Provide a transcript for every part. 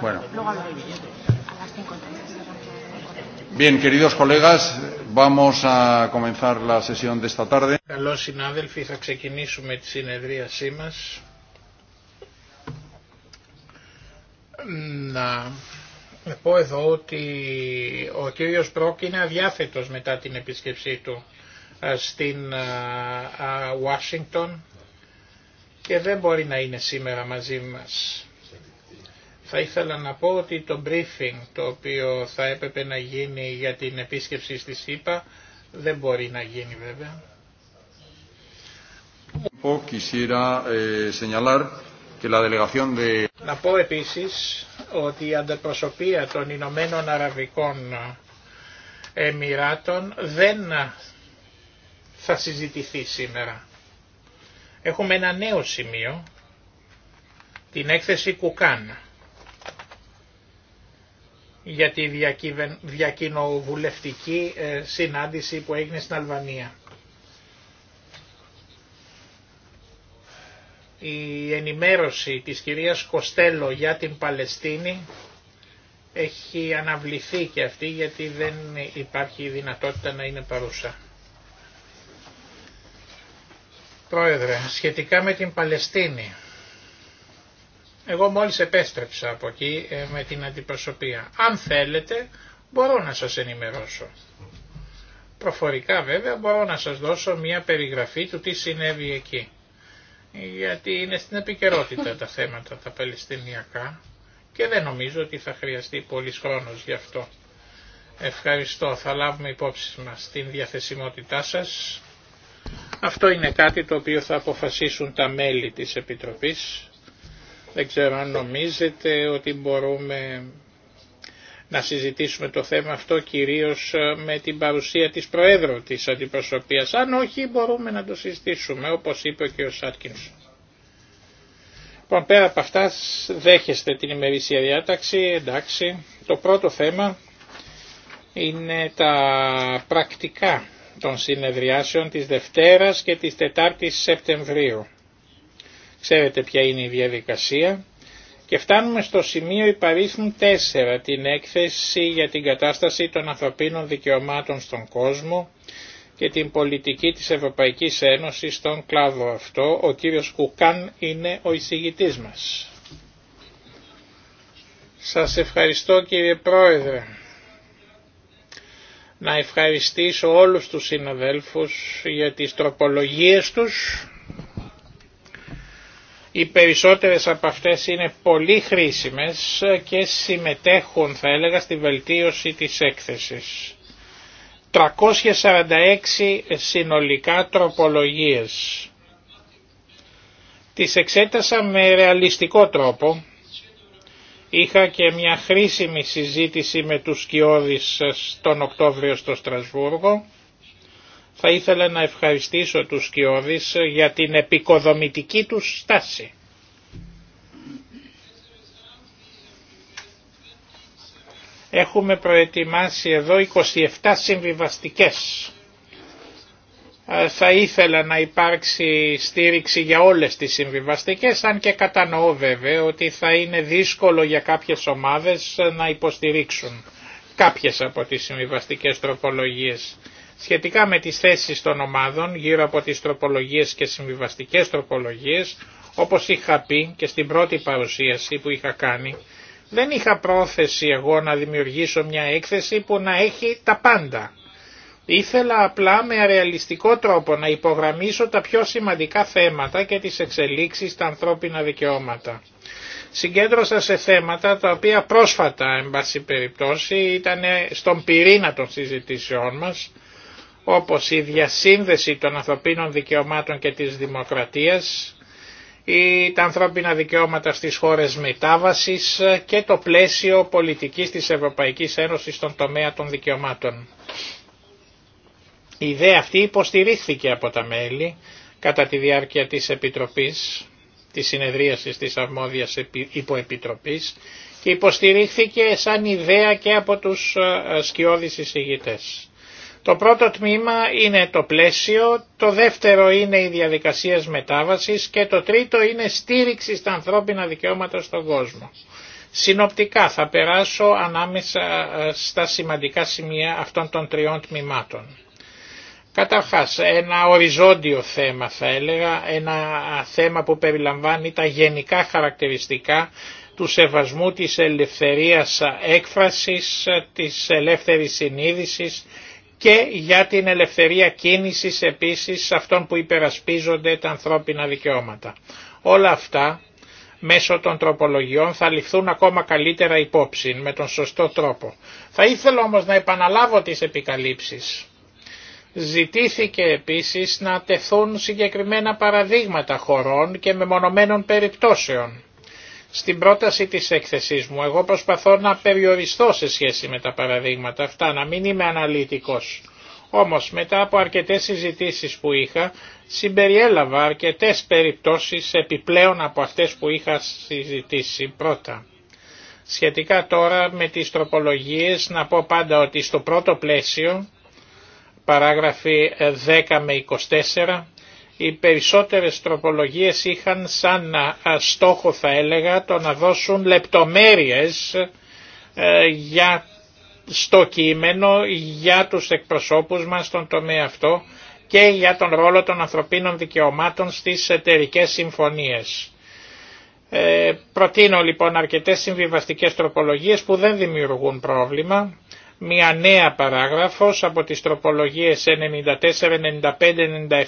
Bueno. Bien, queridos colegas, vamos a comenzar la sesión de esta tarde. Καλώς συνάδελφοι, θα ξεκινήσουμε τη συνεδρίασή μας. Να πω εδώ ότι ο κύριος Πρόκ είναι αδιάθετος μετά την επίσκεψή του στην Ουάσιγκτον και δεν μπορεί να είναι σήμερα μαζί μας. Θα ήθελα να πω ότι το briefing το οποίο θα έπρεπε να γίνει για την επίσκεψη στη ΣΥΠΑ δεν μπορεί να γίνει βέβαια. Ε, να πω επίσης ότι η αντεπροσωπεία των Ηνωμένων Αραβικών Εμμυράτων δεν θα συζητηθεί σήμερα. Έχουμε ένα νέο σημείο, την έκθεση Κουκάνα για τη διακοινοβουλευτική ε, συνάντηση που έγινε στην Αλβανία. Η ενημέρωση της κυρίας Κοστέλο για την Παλαιστίνη έχει αναβληθεί και αυτή γιατί δεν υπάρχει δυνατότητα να είναι παρούσα. Πρόεδρε, σχετικά με την Παλαιστίνη, εγώ μόλις επέστρεψα από εκεί ε, με την αντιπροσωπεία. Αν θέλετε μπορώ να σας ενημερώσω. Προφορικά βέβαια μπορώ να σας δώσω μια περιγραφή του τι συνέβη εκεί. Γιατί είναι στην επικαιρότητα τα θέματα τα Παλαιστινιακά και δεν νομίζω ότι θα χρειαστεί πολύς χρόνος γι' αυτό. Ευχαριστώ, θα λάβουμε υπόψη μας την διαθεσιμότητά σας. Αυτό είναι κάτι το οποίο θα αποφασίσουν τα μέλη της Επιτροπής δεν ξέρω αν νομίζετε ότι μπορούμε να συζητήσουμε το θέμα αυτό κυρίως ε, με την παρουσία της Προέδρου της Αντιπροσωπείας. Αν όχι μπορούμε να το συζητήσουμε όπως είπε ο κ. Σάρκινς. Λοιπόν, πέρα από αυτά δέχεστε την ημερήσια διάταξη, εντάξει. Το πρώτο θέμα είναι τα πρακτικά των συνεδριάσεων της Δευτέρας και της Τετάρτης Σεπτεμβρίου. Ξέρετε ποια είναι η διαδικασία. Και φτάνουμε στο σημείο υπαρίθμου 4, την έκθεση για την κατάσταση των ανθρωπίνων δικαιωμάτων στον κόσμο και την πολιτική της Ευρωπαϊκής Ένωσης στον κλάδο αυτό. Ο κύριος Κουκάν είναι ο εισηγητής μας. Σας ευχαριστώ κύριε Πρόεδρε. Να ευχαριστήσω όλους τους συναδέλφους για τις τροπολογίες τους οι περισσότερες από αυτές είναι πολύ χρήσιμες και συμμετέχουν θα έλεγα στη βελτίωση της έκθεσης. 346 συνολικά τροπολογίες. Τις εξέτασα με ρεαλιστικό τρόπο. Είχα και μια χρήσιμη συζήτηση με τους σκιώδεις τον Οκτώβριο στο Στρασβούργο θα ήθελα να ευχαριστήσω τους Σκιώδης για την επικοδομητική του στάση. Έχουμε προετοιμάσει εδώ 27 συμβιβαστικές. Ε, θα ήθελα να υπάρξει στήριξη για όλες τις συμβιβαστικές, αν και κατανοώ βέβαια ότι θα είναι δύσκολο για κάποιες ομάδες να υποστηρίξουν κάποιες από τις συμβιβαστικές τροπολογίες. Σχετικά με τις θέσεις των ομάδων γύρω από τις τροπολογίες και συμβιβαστικές τροπολογίες, όπως είχα πει και στην πρώτη παρουσίαση που είχα κάνει, δεν είχα πρόθεση εγώ να δημιουργήσω μια έκθεση που να έχει τα πάντα. Ήθελα απλά με αρεαλιστικό τρόπο να υπογραμμίσω τα πιο σημαντικά θέματα και τις εξελίξεις στα ανθρώπινα δικαιώματα. Συγκέντρωσα σε θέματα τα οποία πρόσφατα, εν πάση περιπτώσει, ήταν στον πυρήνα των συζητήσεών μας, όπως η διασύνδεση των ανθρωπίνων δικαιωμάτων και της δημοκρατίας, ή τα ανθρώπινα δικαιώματα στις χώρες μετάβασης και το πλαίσιο πολιτικής της Ευρωπαϊκής Ένωσης στον τομέα των δικαιωμάτων. Η ιδέα αυτή υποστηρίχθηκε από τα μέλη κατά τη διάρκεια της Επιτροπής, της συνεδρίασης της αρμόδιας υποεπιτροπής και υποστηρίχθηκε σαν ιδέα και από τους ε, σκιώδεις εισηγητές. Το πρώτο τμήμα είναι το πλαίσιο, το δεύτερο είναι οι διαδικασίες μετάβασης και το τρίτο είναι στήριξη στα ανθρώπινα δικαιώματα στον κόσμο. Συνοπτικά θα περάσω ανάμεσα ε, στα σημαντικά σημεία αυτών των τριών τμήματων. Καταρχάς ένα οριζόντιο θέμα θα έλεγα, ένα θέμα που περιλαμβάνει τα γενικά χαρακτηριστικά του σεβασμού της ελευθερίας έκφρασης, ε, της ελεύθερης συνείδησης, και για την ελευθερία κίνησης επίσης αυτών που υπερασπίζονται τα ανθρώπινα δικαιώματα. Όλα αυτά μέσω των τροπολογιών θα ληφθούν ακόμα καλύτερα υπόψη με τον σωστό τρόπο. Θα ήθελα όμως να επαναλάβω τις επικαλύψεις. Ζητήθηκε επίσης να τεθούν συγκεκριμένα παραδείγματα χωρών και μεμονωμένων περιπτώσεων στην πρόταση της έκθεσής μου. Εγώ προσπαθώ να περιοριστώ σε σχέση με τα παραδείγματα αυτά, να μην είμαι αναλυτικός. Όμως μετά από αρκετές συζητήσεις που είχα, συμπεριέλαβα αρκετές περιπτώσεις επιπλέον από αυτές που είχα συζητήσει πρώτα. Σχετικά τώρα με τις τροπολογίες, να πω πάντα ότι στο πρώτο πλαίσιο, παράγραφοι 10 με 24, οι περισσότερες τροπολογίες είχαν σαν στόχο θα έλεγα το να δώσουν λεπτομέρειες ε, για, στο κείμενο για τους εκπροσώπους μας στον τομέα αυτό και για τον ρόλο των ανθρωπίνων δικαιωμάτων στις εταιρικέ συμφωνίες. Ε, προτείνω λοιπόν αρκετές συμβιβαστικές τροπολογίες που δεν δημιουργούν πρόβλημα μια νέα παράγραφος από τις τροπολογίες 94, 95,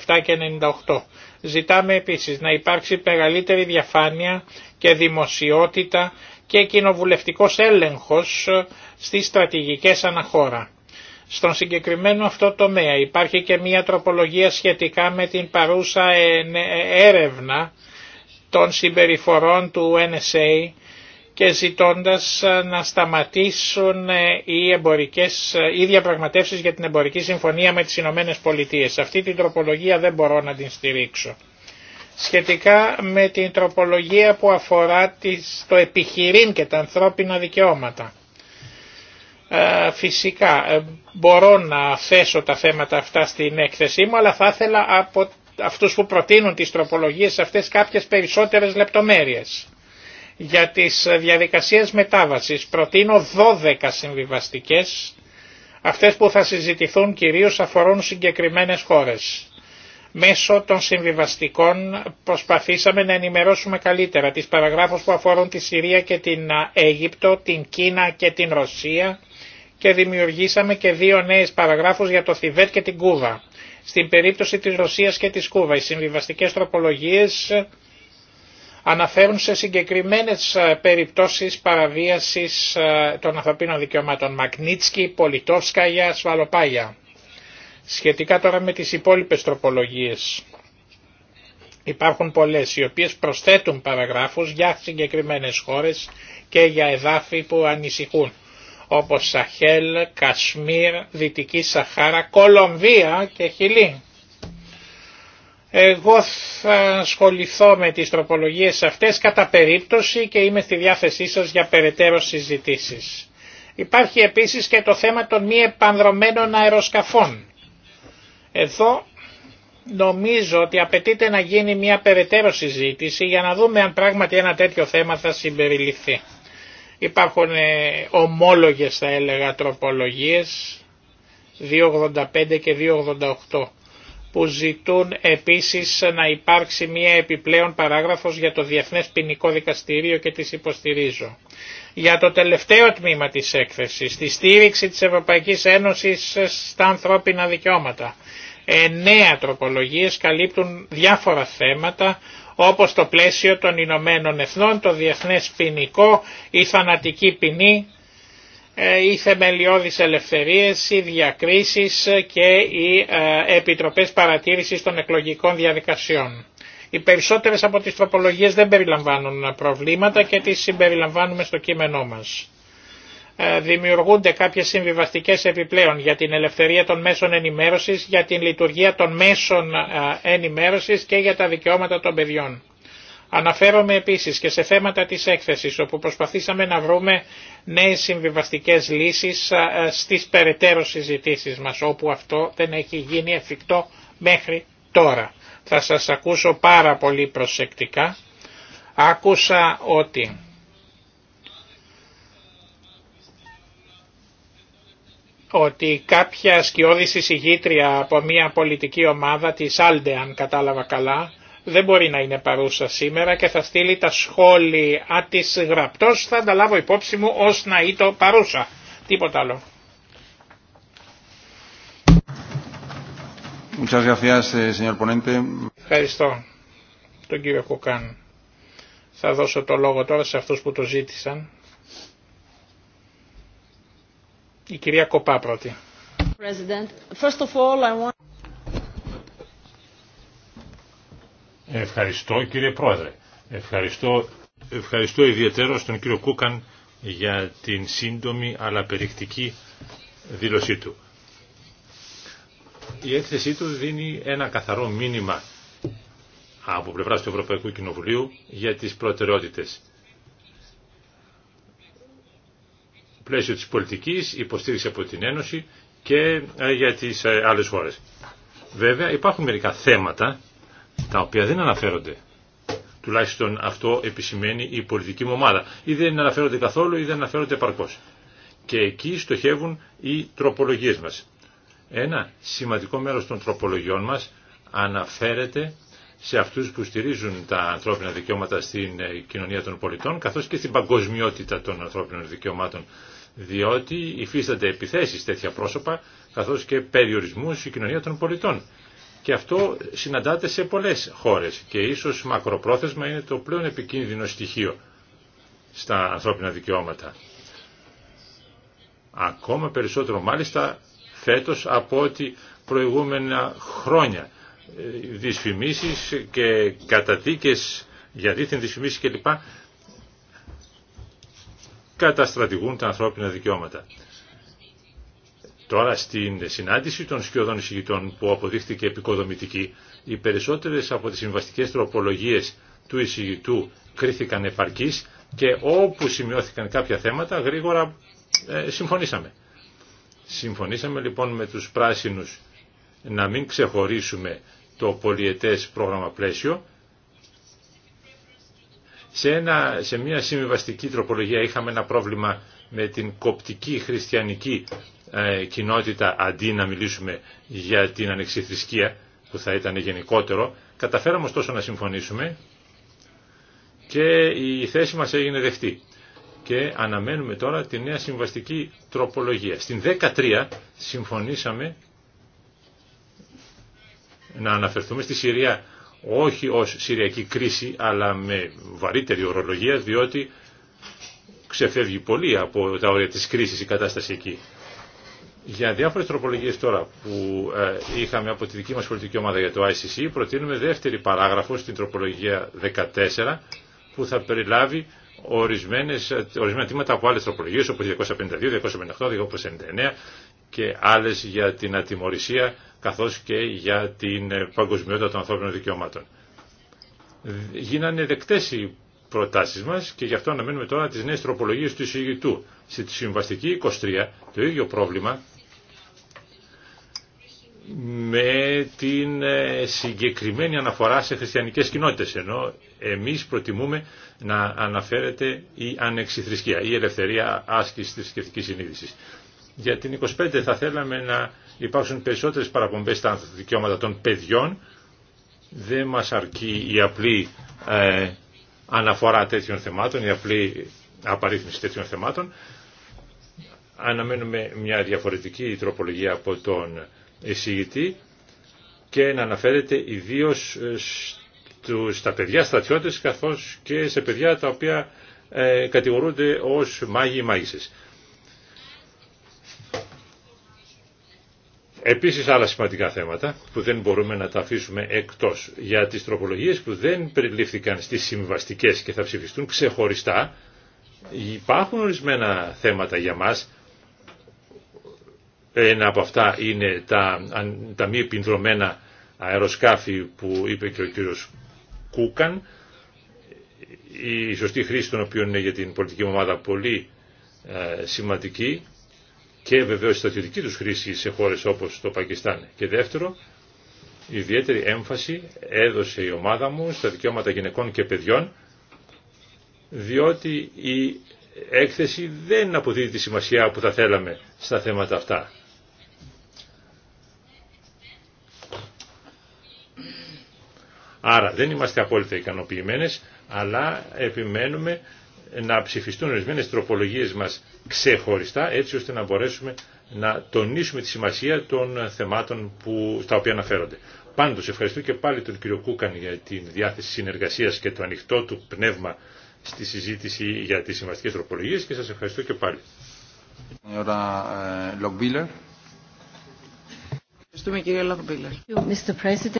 97 και 98. Ζητάμε επίσης να υπάρξει μεγαλύτερη διαφάνεια και δημοσιότητα και κοινοβουλευτικός έλεγχος στις στρατηγικές αναχώρα. Στον συγκεκριμένο αυτό τομέα υπάρχει και μια τροπολογία σχετικά με την παρούσα ε, ε, έρευνα των συμπεριφορών του NSA και ζητώντας ε, να σταματήσουν ε, οι, εμπορικές, ε, οι διαπραγματεύσεις για την εμπορική συμφωνία με τις Ηνωμένε Πολιτείες. Αυτή την τροπολογία δεν μπορώ να την στηρίξω. Σχετικά με την τροπολογία που αφορά το επιχειρήν και τα ανθρώπινα δικαιώματα. Φυσικά μπορώ να θέσω τα θέματα αυτά στην έκθεσή μου αλλά θα ήθελα από αυτούς που προτείνουν τις τροπολογίες αυτές κάποιες περισσότερες λεπτομέρειες. Για τις ε, διαδικασίες μετάβασης προτείνω 12 συμβιβαστικές. Αυτές που θα συζητηθούν κυρίως αφορούν συγκεκριμένες χώρες. Μέσω των συμβιβαστικών προσπαθήσαμε να ενημερώσουμε καλύτερα τις παραγράφους που αφορούν τη Συρία και την ε, Αίγυπτο, την Κίνα και την Ρωσία και δημιουργήσαμε και δύο νέες παραγράφους για το Θιβέτ και την Κούβα. Στην περίπτωση της Ρωσίας και της Κούβα οι συμβιβαστικές τροπολογίες αναφέρουν σε συγκεκριμένες ε, περιπτώσεις παραβίασης ε, των ανθρωπίνων δικαιωμάτων. Μακνίτσκι, Πολιτόσκαγια, Σβαλοπάγια. Σχετικά τώρα με τις υπόλοιπες τροπολογίες. Υπάρχουν πολλές οι οποίες προσθέτουν παραγράφους για συγκεκριμένες χώρες και για εδάφη που ανησυχούν όπως Σαχέλ, Κασμίρ, Δυτική Σαχάρα, Κολομβία και Χιλή. Εγώ θα ασχοληθώ με τις τροπολογίες αυτές κατά περίπτωση και είμαι στη διάθεσή σας για περαιτέρω συζητήσεις. Υπάρχει επίσης και το θέμα των μη επανδρομένων αεροσκαφών. Εδώ νομίζω ότι απαιτείται να γίνει μια περαιτέρω συζήτηση για να δούμε αν πράγματι ένα τέτοιο θέμα θα συμπεριληφθεί. Υπάρχουν ε, ομόλογες θα έλεγα τροπολογίες 2.85 και 2.88 που ζητούν επίσης να υπάρξει μία επιπλέον παράγραφος για το Διεθνές Ποινικό Δικαστήριο και τις υποστηρίζω. Για το τελευταίο τμήμα της έκθεσης, τη στήριξη της Ευρωπαϊκής Ένωσης στα ανθρώπινα δικαιώματα. Εννέα τροπολογίες καλύπτουν διάφορα θέματα όπως το πλαίσιο των Ηνωμένων Εθνών, το Διεθνές Ποινικό, η θανατική ποινή, ε, οι θεμελιώδεις ελευθερίες, οι διακρίσεις και οι ε, επιτροπές παρατήρησης των εκλογικών διαδικασιών. Οι περισσότερες από τις τροπολογίες δεν περιλαμβάνουν προβλήματα και τις συμπεριλαμβάνουμε στο κείμενό μας. Ε, δημιουργούνται κάποιες συμβιβαστικές επιπλέον για την ελευθερία των μέσων ενημέρωσης, για την λειτουργία των μέσων ενημέρωσης και για τα δικαιώματα των παιδιών. Αναφέρομαι επίσης και σε θέματα της έκθεσης όπου προσπαθήσαμε να βρούμε νέες συμβιβαστικές λύσεις στις περαιτέρω συζητήσει μας, όπου αυτό δεν έχει γίνει εφικτό μέχρι τώρα. Θα σας ακούσω πάρα πολύ προσεκτικά. Άκουσα ότι ότι κάποια σκιώδηση συγγήτρια από μια πολιτική ομάδα της Άλντε, αν κατάλαβα καλά, δεν μπορεί να είναι παρούσα σήμερα και θα στείλει τα σχόλια της γραπτός, θα τα λάβω υπόψη μου ως να είτο παρούσα. Τίποτα άλλο. Eh, Ευχαριστώ τον κύριο Κουκάν. Θα δώσω το λόγο τώρα σε αυτούς που το ζήτησαν. Η κυρία Κοπά πρώτη. First of all, I Ευχαριστώ κύριε Πρόεδρε. Ευχαριστώ, ευχαριστώ ιδιαίτερο στον κύριο Κούκαν για την σύντομη αλλά περιεκτική δήλωσή του. Η έκθεσή του δίνει ένα καθαρό μήνυμα από πλευρά του Ευρωπαϊκού Κοινοβουλίου για τις προτεραιότητες. Πλαίσιο της πολιτικής, υποστήριξη από την Ένωση και ε, για τις ε, άλλες χώρες. Βέβαια υπάρχουν μερικά θέματα τα οποία δεν αναφέρονται. Τουλάχιστον αυτό επισημαίνει η πολιτική μου ομάδα. Ή δεν αναφέρονται καθόλου ή δεν αναφέρονται επαρκώ. Και εκεί στοχεύουν οι τροπολογίες μας. Ένα σημαντικό μέρος των τροπολογιών μας αναφέρεται σε αυτούς που στηρίζουν τα ανθρώπινα δικαιώματα στην ε, κοινωνία των πολιτών καθώς και στην παγκοσμιότητα των ανθρώπινων δικαιωμάτων διότι υφίστανται επιθέσει τέτοια πρόσωπα καθώ και περιορισμού στην κοινωνία των πολιτών. Και αυτό συναντάται σε πολλές χώρες και ίσως μακροπρόθεσμα είναι το πλέον επικίνδυνο στοιχείο στα ανθρώπινα δικαιώματα. Ακόμα περισσότερο μάλιστα φέτος από ό,τι προηγούμενα χρόνια. Δυσφημίσεις και καταδίκες για δίθεν δυσφημίσεις κλπ. καταστρατηγούν τα ανθρώπινα δικαιώματα. Τώρα στην συνάντηση των σκιωδών εισηγητών που αποδείχθηκε επικοδομητική, οι περισσότερες από τις συμβαστικέ τροπολογίες του εισηγητού κρίθηκαν επαρκείς και όπου σημειώθηκαν κάποια θέματα γρήγορα ε, συμφωνήσαμε. Συμφωνήσαμε λοιπόν με τους πράσινους να μην ξεχωρίσουμε το πολιετές πρόγραμμα πλαίσιο. Σε, σε μια συμβιβαστική τροπολογία είχαμε ένα πρόβλημα με την κοπτική χριστιανική ε, κοινότητα αντί να μιλήσουμε για την ανεξιθρησκεία που θα ήταν γενικότερο. Καταφέραμε ωστόσο να συμφωνήσουμε και η θέση μας έγινε δεχτή. Και αναμένουμε τώρα τη νέα συμβαστική τροπολογία. Στην 13 συμφωνήσαμε να αναφερθούμε στη Συρία όχι ως Συριακή κρίση αλλά με βαρύτερη ορολογία διότι ξεφεύγει πολύ από τα όρια της κρίσης η κατάσταση εκεί. Για διάφορε τροπολογίε τώρα που ε, είχαμε από τη δική μα πολιτική ομάδα για το ICC προτείνουμε δεύτερη παράγραφο στην τροπολογία 14 που θα περιλάβει ορισμένες, ε, ορισμένα τμήματα από άλλε τροπολογίε, όπω 252, 258, 259 και άλλε για την ατιμορρησία καθώ και για την ε, παγκοσμιότητα των ανθρώπινων δικαιωμάτων. Γίνανε δεκτές οι προτάσεις μας και γι' αυτό αναμένουμε τώρα τις νέες τροπολογίες του εισηγητού. Στη συμβαστική 23 το ίδιο πρόβλημα με την ε, συγκεκριμένη αναφορά σε χριστιανικές κοινότητες, ενώ εμείς προτιμούμε να αναφέρεται η ανεξιθρησκεία, η ελευθερία άσκησης θρησκευτικής συνείδησης. Για την 25 θα θέλαμε να υπάρξουν περισσότερες παραπομπές στα δικαιώματα των παιδιών. Δεν μας αρκεί η απλή ε, αναφορά τέτοιων θεμάτων, η απλή απαρίθμηση τέτοιων θεμάτων. Αναμένουμε μια διαφορετική τροπολογία από τον εισηγητή και να αναφέρεται ιδίως ε, στα παιδιά στρατιώτες καθώς και σε παιδιά τα οποία ε, κατηγορούνται ως μάγοι ή μάγισσες. Επίσης άλλα σημαντικά θέματα που δεν μπορούμε να τα αφήσουμε εκτός για τις τροπολογίες που δεν περιλήφθηκαν στις συμβαστικές και θα ψηφιστούν ξεχωριστά υπάρχουν ορισμένα θέματα για μας ένα από αυτά είναι τα, τα μη επιδρομένα αεροσκάφη που είπε και ο κύριος Κούκαν. Η σωστή χρήση των οποίων είναι για την πολιτική ομάδα πολύ ε, σημαντική και βεβαίως η στρατιωτική τους χρήση σε χώρες όπως το Πακιστάν. Και δεύτερο, ιδιαίτερη έμφαση έδωσε η ομάδα μου στα δικαιώματα γυναικών και παιδιών διότι η έκθεση δεν αποδίδει τη σημασία που θα θέλαμε στα θέματα αυτά. Άρα δεν είμαστε απόλυτα ικανοποιημένες, αλλά επιμένουμε να ψηφιστούν ορισμένε τροπολογίες μας ξεχωριστά, έτσι ώστε να μπορέσουμε να τονίσουμε τη σημασία των θεμάτων που, στα οποία αναφέρονται. Πάντως ευχαριστώ και πάλι τον κύριο Κούκαν για τη διάθεση συνεργασίας και το ανοιχτό του πνεύμα στη συζήτηση για τις σημαντικές τροπολογίες και σας ευχαριστώ και πάλι. Eh, Ευχαριστούμε κύριε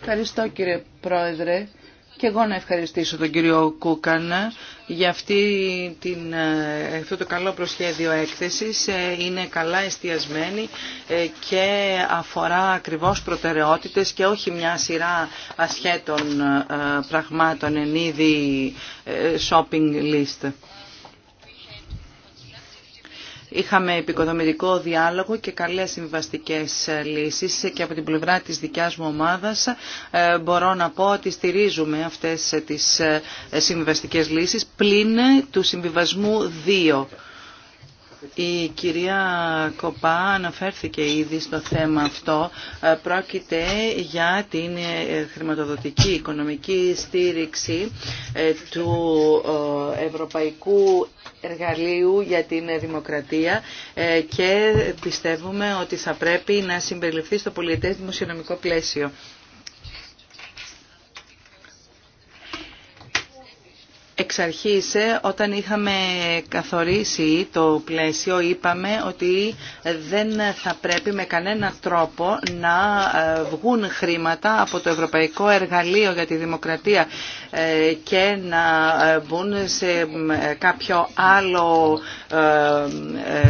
Ευχαριστώ κύριε Πρόεδρε. Και εγώ να ευχαριστήσω τον κύριο Κούκανα για αυτή την, ε, αυτό το καλό προσχέδιο έκθεσης. Ε, είναι καλά εστιασμένη ε, και αφορά ακριβώς προτεραιότητες και όχι μια σειρά ασχέτων πραγμάτων εν είδη shopping list. Είχαμε επικοδομητικό διάλογο και καλές συμβαστικές λύσεις και από την πλευρά της δικιάς μου ομάδας ε, μπορώ να πω ότι στηρίζουμε αυτές τις ε, συμβαστικές λύσεις πλην του συμβιβασμού 2 η κυρία Κοπά αναφέρθηκε ήδη στο θέμα αυτό. Ε, πρόκειται για την ε, χρηματοδοτική οικονομική στήριξη ε, του Ευρωπαϊκού Εργαλείου για την Δημοκρατία και πιστεύουμε ότι θα πρέπει να συμπεριληφθεί στο πολιτές δημοσιονομικό πλαίσιο. Εξ αρχής, ε, όταν είχαμε καθορίσει το πλαίσιο, είπαμε ότι δεν θα πρέπει με κανένα τρόπο να ε, βγουν χρήματα από το Ευρωπαϊκό Εργαλείο για τη Δημοκρατία ε, και να μπουν σε κάποιο άλλο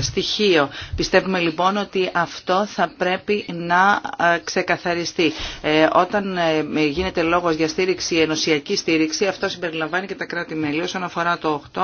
στοιχείο. Πιστεύουμε λοιπόν ότι αυτό θα πρέπει να ξεκαθαριστεί. Όταν γίνεται λόγος για στήριξη, ενωσιακή στήριξη, αυτό συμπεριλαμβάνει και τα κράτη επιμέλεια αφορά το 8,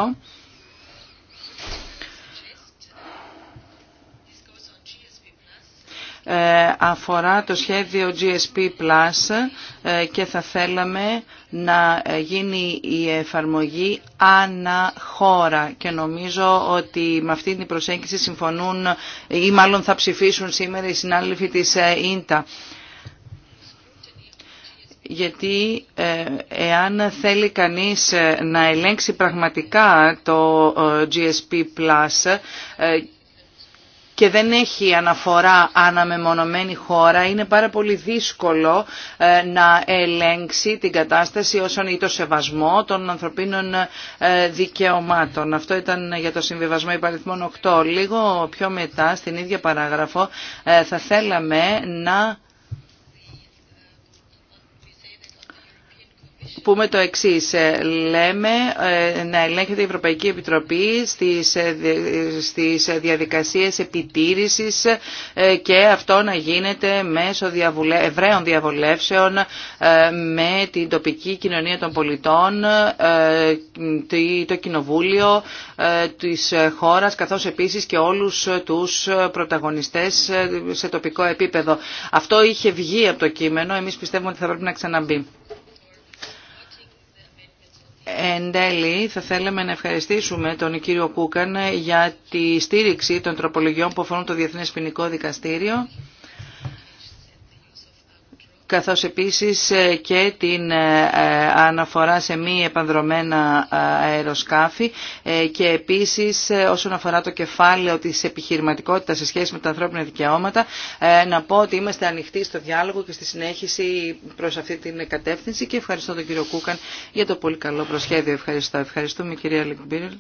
ε, αφορά το σχέδιο GSP Plus ε, και θα θέλαμε να γίνει η εφαρμογή ανά χώρα και νομίζω ότι με αυτή την προσέγγιση συμφωνούν ή μάλλον θα ψηφίσουν σήμερα οι συνάδελφοι της ΙΝΤΑ. Ε, γιατί ε, εάν θέλει κανείς ε, να ελέγξει πραγματικά το ε, GSP Plus και δεν έχει αναφορά αναμεμονωμένη χώρα, είναι πάρα πολύ δύσκολο να ελέγξει την κατάσταση όσον ή το σεβασμό των ανθρωπίνων δικαιωμάτων. Αυτό ήταν για το συμβιβασμό υπαριθμών 8. Λίγο πιο μετά, στην ίδια παράγραφο, θα θέλαμε να πούμε το εξή. Ε, λέμε ε, να ελέγχεται η Ευρωπαϊκή Επιτροπή στις, ε, διαδικασίε διαδικασίες επιτήρησης και αυτό να γίνεται μέσω ευραίων διαβολεύσεων με την τοπική κοινωνία των πολιτών, το Κοινοβούλιο της χώρας, καθώς επίσης και όλους τους πρωταγωνιστές σε τοπικό επίπεδο. Αυτό είχε βγει από το κείμενο, εμείς πιστεύουμε ότι θα πρέπει να ξαναμπεί. Εν τέλει, θα θέλαμε να ευχαριστήσουμε τον κύριο Κούκαν για τη στήριξη των τροπολογιών που αφορούν το Διεθνές Ποινικό Δικαστήριο καθώς επίσης ε, και την ε, ε, αναφορά σε μη επανδρομένα αεροσκάφη και επίσης όσον αφορά το κεφάλαιο της επιχειρηματικότητας σε σχέση με τα ανθρώπινα δικαιώματα να πω ότι είμαστε ανοιχτοί στο διάλογο και στη συνέχιση προς αυτή την κατεύθυνση και ευχαριστώ τον κύριο Κούκαν για το πολύ καλό προσχέδιο. Ευχαριστώ. Ευχαριστούμε κυρία Λεκμπίρελ.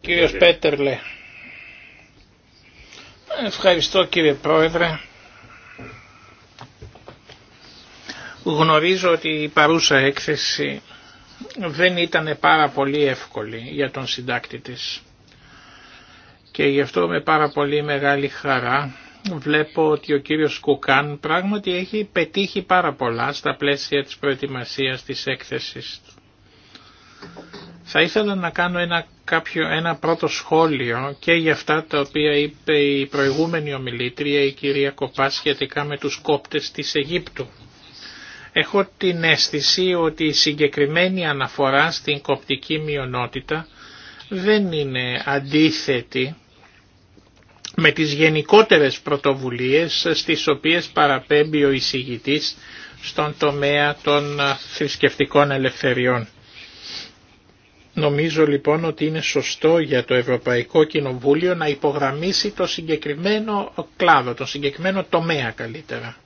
Κύριος Πέτερλε. Ευχαριστώ κύριε Πρόεδρε. Γνωρίζω ότι η παρούσα έκθεση δεν ήταν πάρα πολύ εύκολη για τον συντάκτη της και γι' αυτό με πάρα πολύ μεγάλη χαρά βλέπω ότι ο κύριος Κουκάν πράγματι έχει πετύχει πάρα πολλά στα πλαίσια της προετοιμασίας της έκθεσης του. Θα ήθελα να κάνω ένα, κάποιο, ένα πρώτο σχόλιο και για αυτά τα οποία είπε η προηγούμενη ομιλήτρια η κυρία Κοπά σχετικά με τους κόπτες της Αιγύπτου. Έχω την αίσθηση ότι η συγκεκριμένη αναφορά στην κοπτική μειονότητα δεν είναι αντίθετη με τις γενικότερες πρωτοβουλίες στις οποίες παραπέμπει ο εισηγητής στον τομέα των θρησκευτικών ελευθεριών. Νομίζω λοιπόν ότι είναι σωστό για το Ευρωπαϊκό Κοινοβούλιο να υπογραμμίσει το συγκεκριμένο κλάδο, το συγκεκριμένο τομέα καλύτερα.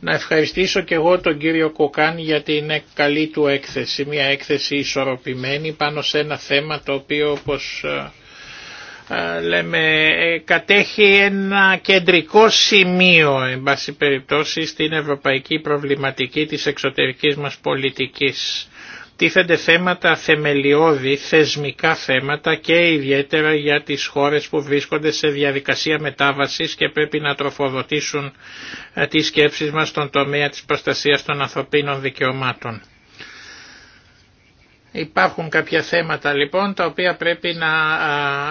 Να ευχαριστήσω και εγώ τον κύριο Κοκάν για την καλή του έκθεση, μια έκθεση ισορροπημένη πάνω σε ένα θέμα το οποίο όπως ε, ε, λέμε ε, κατέχει ένα κεντρικό σημείο εν πάση περιπτώσει στην ευρωπαϊκή προβληματική της εξωτερικής μας πολιτικής τίθενται θέματα θεμελιώδη, θεσμικά θέματα και ιδιαίτερα για τις χώρες που βρίσκονται σε διαδικασία μετάβασης και πρέπει να τροφοδοτήσουν ε, τις σκέψεις μας στον τομέα της προστασίας των ανθρωπίνων δικαιωμάτων. Υπάρχουν κάποια θέματα λοιπόν τα οποία πρέπει να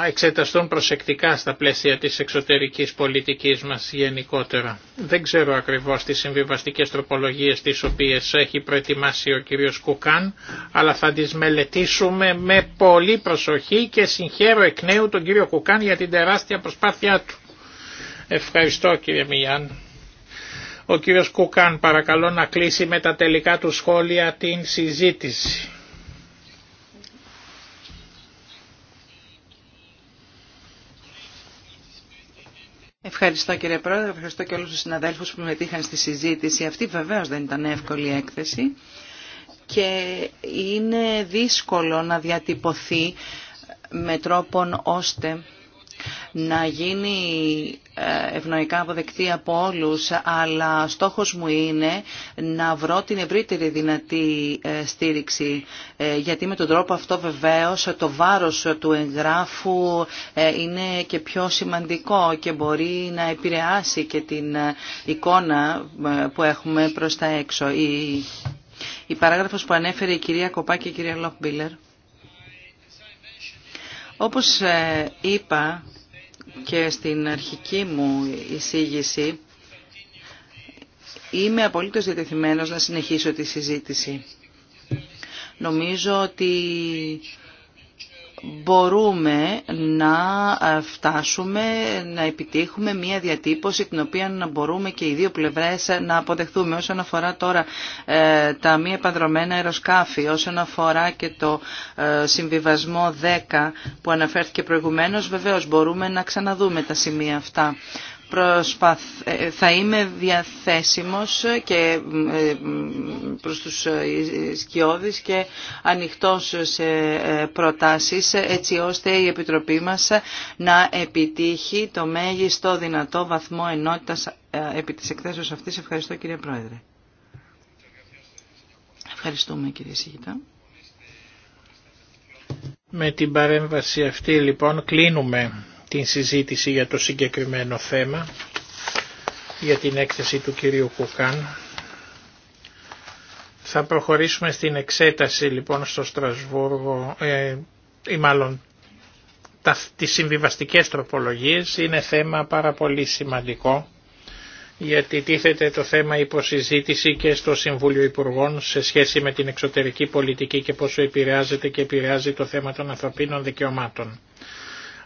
εξεταστούν προσεκτικά στα πλαίσια της εξωτερικής πολιτικής μας γενικότερα. Δεν ξέρω ακριβώς τις συμβιβαστικές τροπολογίες τις οποίες έχει προετοιμάσει ο κύριος Κουκάν, αλλά θα τις μελετήσουμε με πολύ προσοχή και συγχαίρω εκ νέου τον κύριο Κουκάν για την τεράστια προσπάθειά του. Ευχαριστώ κύριε Μιγιάν. Ο κύριος Κουκάν παρακαλώ να κλείσει με τα τελικά του σχόλια την συζήτηση. Ευχαριστώ κύριε Πρόεδρε, ευχαριστώ και όλους τους συναδέλφους που μετήχαν στη συζήτηση. Αυτή βεβαίως δεν ήταν εύκολη έκθεση και είναι δύσκολο να διατυπωθεί με τρόπον ώστε να γίνει ε, ευνοϊκά αποδεκτή από όλους, αλλά στόχος μου είναι να βρω την ευρύτερη δυνατή ε, στήριξη, ε, γιατί με τον τρόπο αυτό βεβαίως το βάρος του εγγράφου είναι και πιο σημαντικό και μπορεί να επηρεάσει και την εικόνα που έχουμε προς τα έξω. Η, η παράγραφος που ανέφερε η κυρία Κοπά και η κυρία Λοχμπίλερ. Όπως είπα, και στην αρχική μου εισήγηση είμαι απολύτως διατεθειμένος να συνεχίσω τη συζήτηση. Νομίζω ότι μπορούμε να ε, φτάσουμε, να επιτύχουμε μία διατύπωση την οποία να μπορούμε και οι δύο πλευρές να αποδεχθούμε. Όσον αφορά τώρα ε, τα μη επανδρομένα αεροσκάφη, όσον αφορά και το ε, συμβιβασμό 10 που αναφέρθηκε προηγουμένως, βεβαίως μπορούμε να ξαναδούμε τα σημεία αυτά. Ε, ε, θα είμαι διαθέσιμος και ε, προς τους σκιώδεις και ανοιχτός σε προτάσεις έτσι ώστε η Επιτροπή μας να επιτύχει το μέγιστο δυνατό βαθμό ενότητας επί της εκθέσεως αυτής. Ευχαριστώ κύριε Πρόεδρε. Ευχαριστούμε κύριε Σιγητά. Με την παρέμβαση αυτή λοιπόν κλείνουμε την συζήτηση για το συγκεκριμένο θέμα, για την έκθεση του κυρίου Κουκάν. Θα προχωρήσουμε στην εξέταση λοιπόν στο Στρασβούργο, ε, ή μάλλον τα, τις συμβιβαστικές τροπολογίες είναι θέμα πάρα πολύ σημαντικό γιατί τίθεται το θέμα υποσυζήτηση και στο Συμβούλιο Υπουργών σε σχέση με την εξωτερική πολιτική και πόσο επηρεάζεται και επηρεάζει το θέμα των ανθρωπίνων δικαιωμάτων.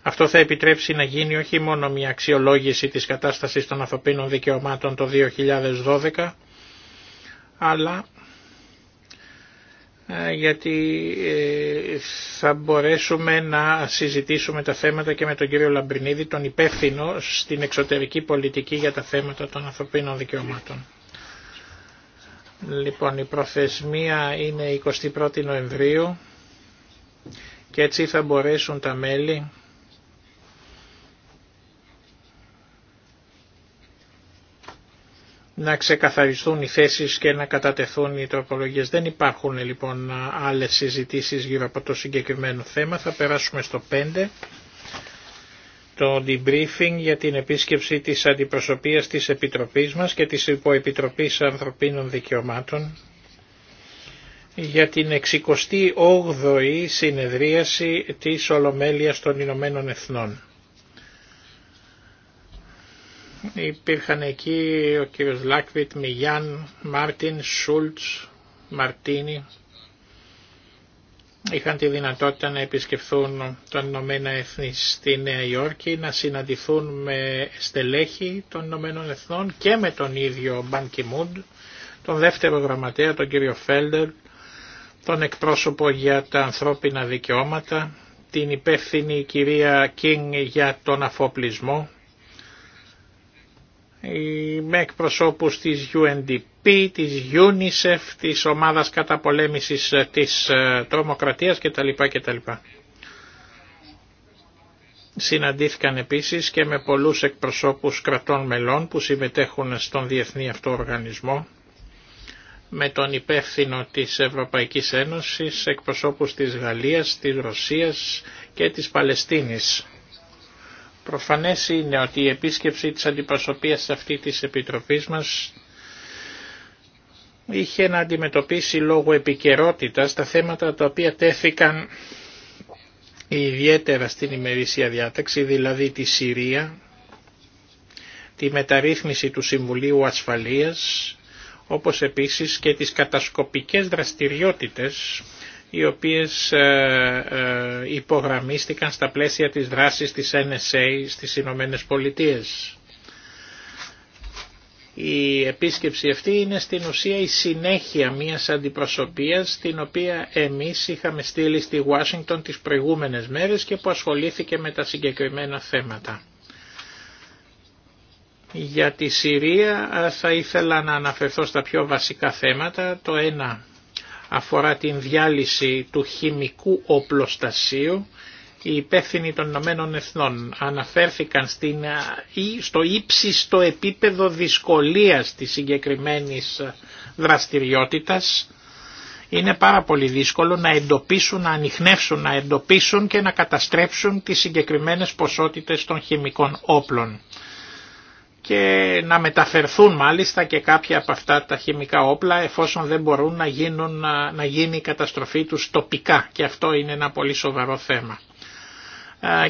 Αυτό θα επιτρέψει να γίνει όχι μόνο μια αξιολόγηση της κατάστασης των ανθρωπίνων δικαιωμάτων το 2012, αλλά ε, γιατί ε, θα μπορέσουμε να συζητήσουμε τα θέματα και με τον κύριο Λαμπρινίδη, τον υπεύθυνο στην εξωτερική πολιτική για τα θέματα των ανθρωπίνων δικαιωμάτων. Λοιπόν, η προθεσμία είναι 21 Νοεμβρίου και έτσι θα μπορέσουν τα μέλη να ξεκαθαριστούν οι θέσεις και να κατατεθούν οι τροπολογίες. Δεν υπάρχουν λοιπόν άλλες συζητήσεις γύρω από το συγκεκριμένο θέμα. Θα περάσουμε στο 5 το debriefing για την επίσκεψη της αντιπροσωπείας της Επιτροπής μας και της Υποεπιτροπής Ανθρωπίνων Δικαιωμάτων για την 68η συνεδρίαση της Ολομέλειας των Ηνωμένων Εθνών. Υπήρχαν εκεί ο κύριος Λάκβιτ, Μιγιάν, Μάρτιν, Σούλτς, Μαρτίνι. Είχαν τη δυνατότητα να επισκεφθούν τον Ηνωμένα Έθνη στη Νέα Υόρκη, να συναντηθούν με στελέχη των Ηνωμένων Εθνών και με τον ίδιο Μπαν Κιμούντ, τον δεύτερο γραμματέα, τον κύριο Φέλντερ, τον εκπρόσωπο για τα ανθρώπινα δικαιώματα, την υπεύθυνη κυρία Κίνγκ για τον αφοπλισμό, ε, με εκπροσώπους της UNDP, της UNICEF, της ομάδας καταπολέμησης ε, της ε, τρομοκρατίας κτλ. κτλ. Συναντήθηκαν επίσης και με πολλούς εκπροσώπους κρατών μελών που συμμετέχουν στον Διεθνή Αυτό Οργανισμό, με τον υπεύθυνο της Ευρωπαϊκής Ένωσης, εκπροσώπους της Γαλλίας, της Ρωσίας και της Παλαιστίνης. Προφανές είναι ότι η επίσκεψη της αντιπροσωπείας αυτή της Επιτροπής μας είχε να αντιμετωπίσει λόγω επικαιρότητα τα θέματα τα οποία τέθηκαν ιδιαίτερα στην ημερήσια διάταξη, δηλαδή τη Συρία, τη μεταρρύθμιση του Συμβουλίου Ασφαλείας, όπως επίσης και τις κατασκοπικές δραστηριότητες οι οποίες ε, ε, υπογραμμίστηκαν στα πλαίσια της δράσης της NSA στις Ηνωμένε Πολιτείες. Η επίσκεψη αυτή είναι στην ουσία η συνέχεια μιας αντιπροσωπείας την οποία εμείς είχαμε στείλει στη Ουάσιγκτον τις προηγούμενες μέρες και που ασχολήθηκε με τα συγκεκριμένα θέματα. Για τη Συρία ε, θα ήθελα να αναφερθώ στα πιο βασικά θέματα. Το ένα αφορά την διάλυση του χημικού οπλοστασίου οι υπεύθυνοι των Ηνωμένων Εθνών αναφέρθηκαν στην, στο ύψιστο επίπεδο δυσκολίας της συγκεκριμένης δραστηριότητας είναι πάρα πολύ δύσκολο να εντοπίσουν, να ανοιχνεύσουν, να εντοπίσουν και να καταστρέψουν τις συγκεκριμένες ποσότητες των χημικών όπλων και να μεταφερθούν μάλιστα και κάποια από αυτά τα χημικά όπλα εφόσον δεν μπορούν να, γίνουν, να γίνει η καταστροφή τους τοπικά και αυτό είναι ένα πολύ σοβαρό θέμα.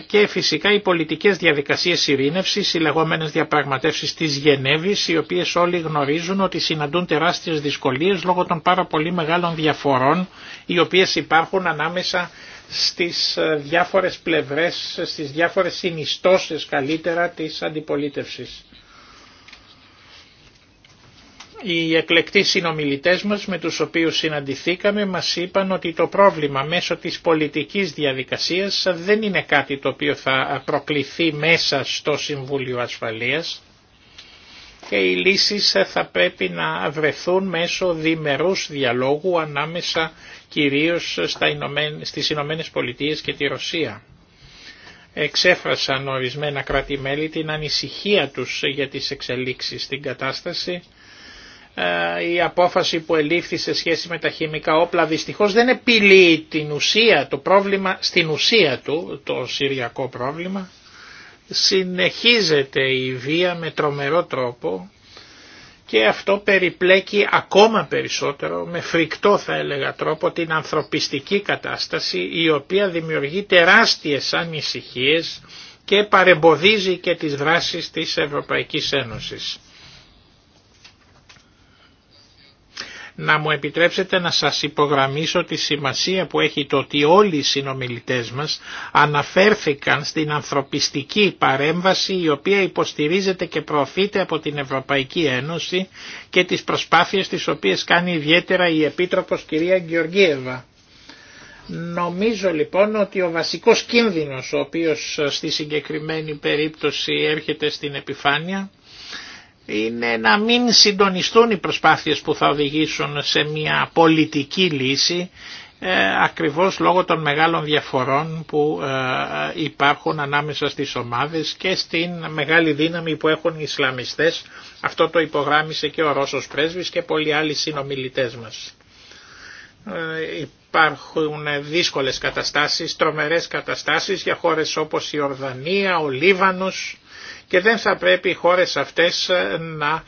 Και φυσικά οι πολιτικές διαδικασίες ειρήνευσης, οι λεγόμενες διαπραγματεύσεις της Γενέβης, οι οποίες όλοι γνωρίζουν ότι συναντούν τεράστιες δυσκολίες λόγω των πάρα πολύ μεγάλων διαφορών οι οποίες υπάρχουν ανάμεσα στις ε, διάφορες πλευρές, στις διάφορες συνιστώσεις καλύτερα της αντιπολίτευσης. Οι εκλεκτοί συνομιλητές μας με τους οποίους συναντηθήκαμε μας είπαν ότι το πρόβλημα μέσω της πολιτικής διαδικασίας δεν είναι κάτι το οποίο θα προκληθεί μέσα στο Συμβούλιο Ασφαλείας και οι λύσεις θα πρέπει να βρεθούν μέσω διμερούς διαλόγου ανάμεσα κυρίως στα Ηνωμένες, στις Ηνωμένε Πολιτείε και τη Ρωσία. Εξέφρασαν ορισμένα κράτη-μέλη την ανησυχία τους για τις εξελίξεις στην κατάσταση ε, η απόφαση που ελήφθη σε σχέση με τα χημικά όπλα δυστυχώς δεν επιλύει την ουσία, το πρόβλημα στην ουσία του, το συριακό πρόβλημα. Συνεχίζεται η βία με τρομερό τρόπο και αυτό περιπλέκει ακόμα περισσότερο, με φρικτό θα έλεγα τρόπο, την ανθρωπιστική κατάσταση η οποία δημιουργεί τεράστιες ανησυχίες και παρεμποδίζει και τις δράσεις της Ευρωπαϊκής Ένωσης. να μου επιτρέψετε να σας υπογραμμίσω τη σημασία που έχει το ότι όλοι οι συνομιλητές μας αναφέρθηκαν στην ανθρωπιστική παρέμβαση η οποία υποστηρίζεται και προωθείται από την Ευρωπαϊκή Ένωση και τις προσπάθειες τις οποίες κάνει ιδιαίτερα η Επίτροπος κυρία Γεωργίευα. Νομίζω λοιπόν ότι ο βασικός κίνδυνος ο οποίος στη συγκεκριμένη περίπτωση έρχεται στην επιφάνεια είναι να μην συντονιστούν οι προσπάθειες που θα οδηγήσουν σε μια πολιτική λύση ε, ακριβώς λόγω των μεγάλων διαφορών που ε, υπάρχουν ανάμεσα στις ομάδες και στην μεγάλη δύναμη που έχουν οι Ισλαμιστές. Αυτό το υπογράμμισε και ο Ρώσος πρέσβης και πολλοί άλλοι συνομιλητές μας. Ε, υπάρχουν δύσκολες καταστάσεις, τρομερές καταστάσεις για χώρες όπως η Ορδανία, ο Λίβανος και δεν θα πρέπει οι χώρες αυτές να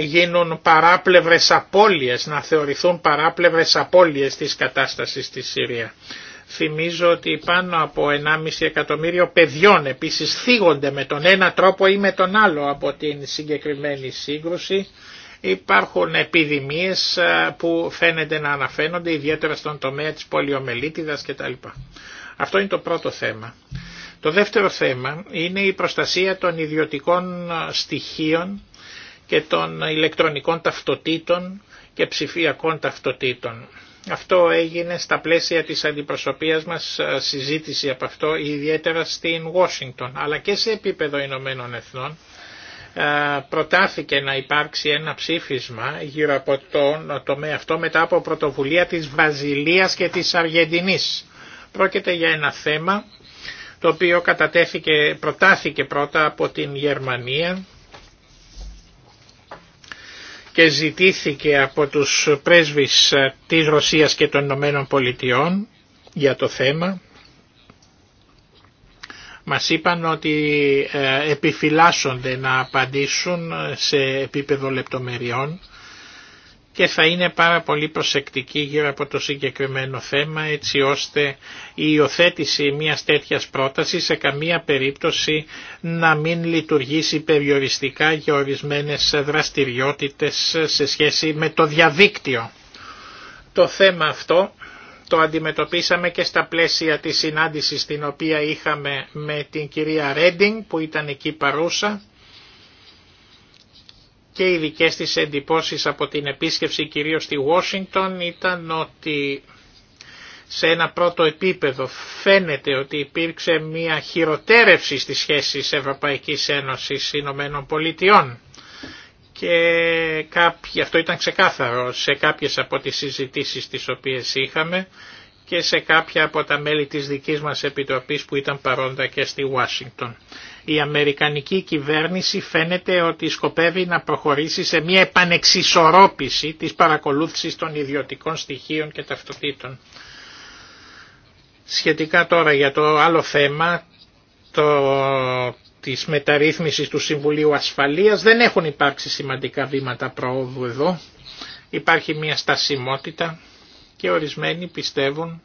γίνουν παράπλευρες απώλειες, να θεωρηθούν παράπλευρες απώλειες της κατάστασης στη Συρία. Θυμίζω ότι πάνω από 1,5 εκατομμύριο παιδιών επίσης θίγονται με τον ένα τρόπο ή με τον άλλο από την συγκεκριμένη σύγκρουση Υπάρχουν επιδημίες ε, που φαίνεται να αναφαίνονται ιδιαίτερα στον τομέα της πολιομελίτιδας κτλ. Αυτό είναι το πρώτο θέμα. Το δεύτερο θέμα είναι η προστασία των ιδιωτικών ε, στοιχείων και των ηλεκτρονικών ταυτοτήτων και ψηφιακών ταυτοτήτων. Αυτό έγινε στα πλαίσια της αντιπροσωπείας μας ε, συζήτηση από αυτό, ιδιαίτερα στην Washington, αλλά και σε επίπεδο Ηνωμένων Εθνών, ε, προτάθηκε να υπάρξει ένα ψήφισμα γύρω από το τομέα αυτό μετά από πρωτοβουλία της Βαζιλίας και της Αργεντινής. Πρόκειται για ένα θέμα το οποίο κατατέθηκε, προτάθηκε πρώτα από την Γερμανία και ζητήθηκε από τους πρέσβεις της Ρωσίας και των Ηνωμένων Πολιτειών για το θέμα μας είπαν ότι ε, επιφυλάσσονται να απαντήσουν ε, σε επίπεδο λεπτομεριών και θα είναι πάρα πολύ προσεκτική γύρω από το συγκεκριμένο θέμα έτσι ώστε η υιοθέτηση μιας τέτοιας πρότασης σε καμία περίπτωση να μην λειτουργήσει περιοριστικά για ορισμένες δραστηριότητες σε σχέση με το διαδίκτυο. Το θέμα αυτό το αντιμετωπίσαμε και στα πλαίσια της συνάντησης την οποία είχαμε με την κυρία Ρέντινγκ που ήταν εκεί παρούσα και οι δικές της εντυπώσεις από την επίσκεψη κυρίως στη Washington ήταν ότι σε ένα πρώτο επίπεδο φαίνεται ότι υπήρξε μια χειροτέρευση στις σχέσεις Ευρωπαϊκής Ένωσης Ηνωμένων Πολιτειών και κάποιοι, αυτό ήταν ξεκάθαρο σε κάποιες από τις συζητήσεις τις οποίες είχαμε και σε κάποια από τα μέλη της δικής μας επιτροπής που ήταν παρόντα και στη Ουάσιγκτον. Η Αμερικανική κυβέρνηση φαίνεται ότι σκοπεύει να προχωρήσει σε μια επανεξισορρόπηση της παρακολούθησης των ιδιωτικών στοιχείων και ταυτοτήτων. Σχετικά τώρα για το άλλο θέμα, το της μεταρρύθμισης του Συμβουλίου Ασφαλείας δεν έχουν υπάρξει σημαντικά βήματα προόδου εδώ. Υπάρχει μια στασιμότητα και ορισμένοι πιστεύουν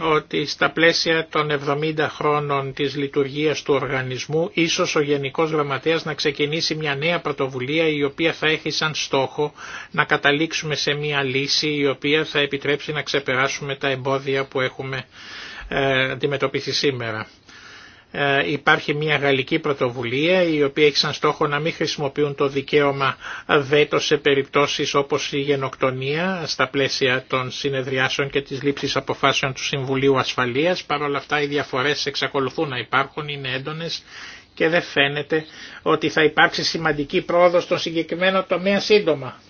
ότι στα πλαίσια των 70 χρόνων της λειτουργίας του οργανισμού ίσως ο Γενικός Γραμματέας να ξεκινήσει μια νέα πρωτοβουλία η οποία θα έχει σαν στόχο να καταλήξουμε σε μια λύση η οποία θα επιτρέψει να ξεπεράσουμε τα εμπόδια που έχουμε ε, αντιμετωπίσει σήμερα. Ε, υπάρχει μια γαλλική πρωτοβουλία η οποία έχει σαν στόχο να μην χρησιμοποιούν το δικαίωμα βέτο σε περιπτώσεις όπως η γενοκτονία στα πλαίσια των συνεδριάσεων και της λήψης αποφάσεων του Συμβουλίου Ασφαλείας. Παρ' όλα αυτά οι διαφορές εξακολουθούν να υπάρχουν, είναι έντονες και δεν φαίνεται ότι θα υπάρξει σημαντική πρόοδος στον συγκεκριμένο τομέα σύντομα.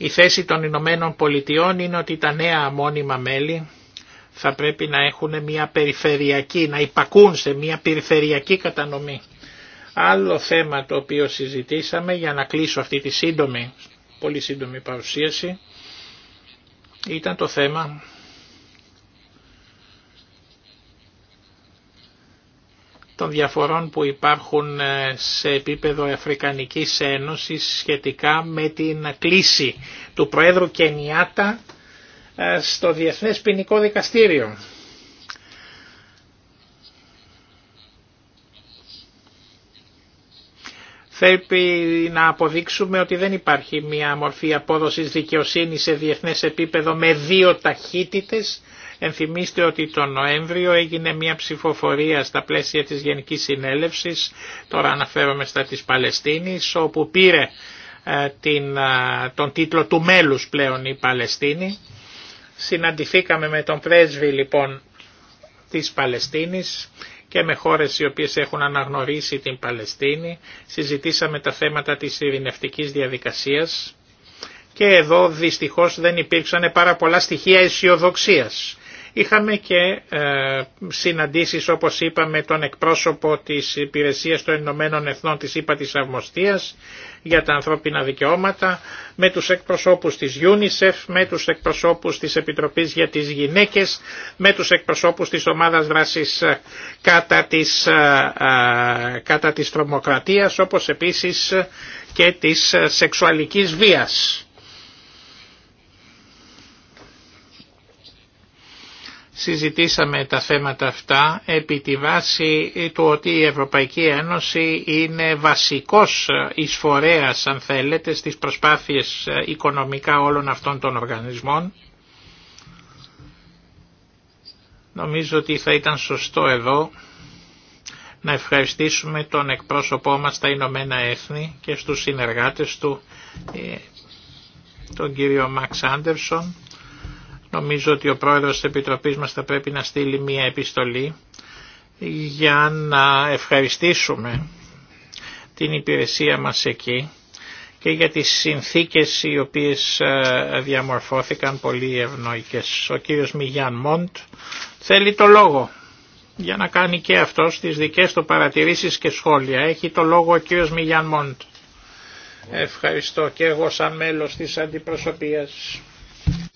Η θέση των Ηνωμένων Πολιτειών είναι ότι τα νέα μόνιμα μέλη θα πρέπει να έχουν μια περιφερειακή, να υπακούν σε μια περιφερειακή κατανομή. Άλλο θέμα το οποίο συζητήσαμε για να κλείσω αυτή τη σύντομη, πολύ σύντομη παρουσίαση ήταν το θέμα των διαφορών που υπάρχουν ε, σε επίπεδο Αφρικανικής Ένωσης σχετικά με την κλίση του Προέδρου Κενιάτα ε, στο Διεθνές Ποινικό Δικαστήριο. Θέλει να αποδείξουμε ότι δεν υπάρχει μια μορφή απόδοσης δικαιοσύνης σε διεθνές επίπεδο με δύο ταχύτητες, Ενθυμίστε ότι τον Νοέμβριο έγινε μια ψηφοφορία στα πλαίσια της Γενικής Συνέλευσης, τώρα αναφέρομαι στα της Παλαιστίνης, όπου πήρε ε, την, ε, τον τίτλο του μέλους πλέον η Παλαιστίνη. Συναντηθήκαμε με τον πρέσβη λοιπόν της Παλαιστίνης και με χώρες οι οποίες έχουν αναγνωρίσει την Παλαιστίνη. Συζητήσαμε τα θέματα της ειρηνευτικής διαδικασίας και εδώ δυστυχώς δεν υπήρξαν πάρα πολλά στοιχεία αισιοδοξία. Είχαμε και ε, συναντήσεις όπως είπαμε τον εκπρόσωπο της Υπηρεσίας των Ηνωμένων Εθνών της ΥΠΑ της Αυμοστίας για τα ανθρώπινα δικαιώματα, με τους εκπροσώπους της UNICEF, με τους εκπροσώπους της Επιτροπής για τις Γυναίκες, με τους εκπροσώπους της Ομάδας Δράσης ε, κατά της, ε, ε, κατά της τρομοκρατίας, όπως επίσης και της ε, σεξουαλικής βίας. Συζητήσαμε τα θέματα αυτά επί τη βάση του ότι η Ευρωπαϊκή Ένωση είναι βασικός εισφορέας αν θέλετε στις προσπάθειες οικονομικά όλων αυτών των οργανισμών. Νομίζω ότι θα ήταν σωστό εδώ να ευχαριστήσουμε τον εκπρόσωπό μας στα Ηνωμένα Έθνη και στους συνεργάτες του, ε, τον κύριο Μαξ Άντερσον Νομίζω ότι ο πρόεδρος της Επιτροπής μας θα πρέπει να στείλει μία επιστολή για να ευχαριστήσουμε την υπηρεσία μας εκεί και για τις συνθήκες οι οποίες ε, διαμορφώθηκαν πολύ ευνοϊκές. Ο κύριος Μιγιάν Μοντ θέλει το λόγο για να κάνει και αυτός τις δικές του παρατηρήσεις και σχόλια. Έχει το λόγο ο κύριος Μιγιάν Μοντ. Ευχαριστώ και εγώ σαν μέλος της αντιπροσωπείας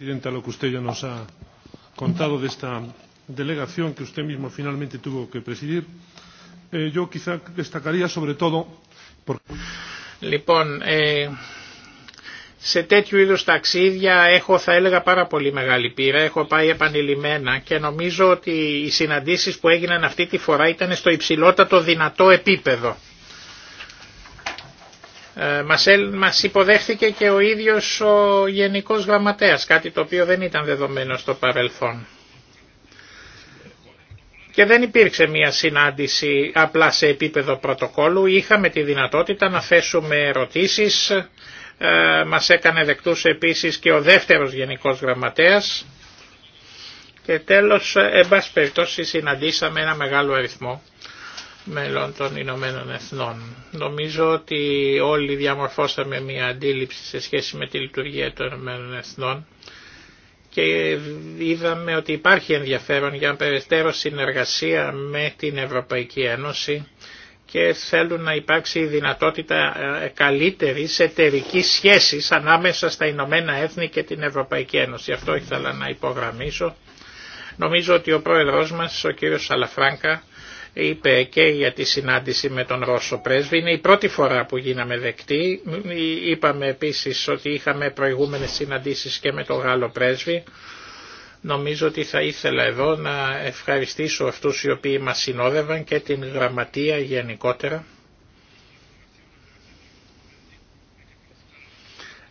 Presidenta, lo que usted ya nos ha contado de esta delegación que usted mismo finalmente tuvo que presidir. Eh, yo quizá destacaría sobre todo... Porque... Eh, λοιπόν, ε, σε τέτοιου είδους ταξίδια έχω θα έλεγα πάρα πολύ μεγάλη πείρα, έχω πάει επανειλημμένα και νομίζω ότι οι συναντήσεις που έγιναν αυτή τη φορά ήταν στο υψηλότατο δυνατό επίπεδο. Ε, μας, μας υποδέχθηκε και ο ίδιος ο Γενικός Γραμματέας, κάτι το οποίο δεν ήταν δεδομένο στο παρελθόν. Και δεν υπήρξε μια συνάντηση απλά σε επίπεδο πρωτοκόλου, είχαμε τη δυνατότητα να θέσουμε ερωτήσεις, ε, μας έκανε δεκτούς επίσης και ο δεύτερος Γενικός Γραμματέας και τέλος, εν πάση περιπτώσει, συναντήσαμε ένα μεγάλο αριθμό μελών των Ηνωμένων Εθνών. Νομίζω ότι όλοι διαμορφώσαμε μια αντίληψη σε σχέση με τη λειτουργία των Ηνωμένων Εθνών και είδαμε ότι υπάρχει ενδιαφέρον για περαιτέρω συνεργασία με την Ευρωπαϊκή Ένωση και θέλουν να υπάρξει η δυνατότητα ε, καλύτερης εταιρική σχέσης ανάμεσα στα Ηνωμένα Έθνη και την Ευρωπαϊκή Ένωση. Αυτό ήθελα να υπογραμμίσω. Νομίζω ότι ο πρόεδρος μας, ο κύριος Σαλαφράνκα, είπε και για τη συνάντηση με τον Ρώσο πρέσβη. Είναι η πρώτη φορά που γίναμε δεκτοί. Είπαμε επίσης ότι είχαμε προηγούμενες συναντήσεις και με τον Γάλλο πρέσβη. Νομίζω ότι θα ήθελα εδώ να ευχαριστήσω αυτούς οι οποίοι μας συνόδευαν και την γραμματεία γενικότερα.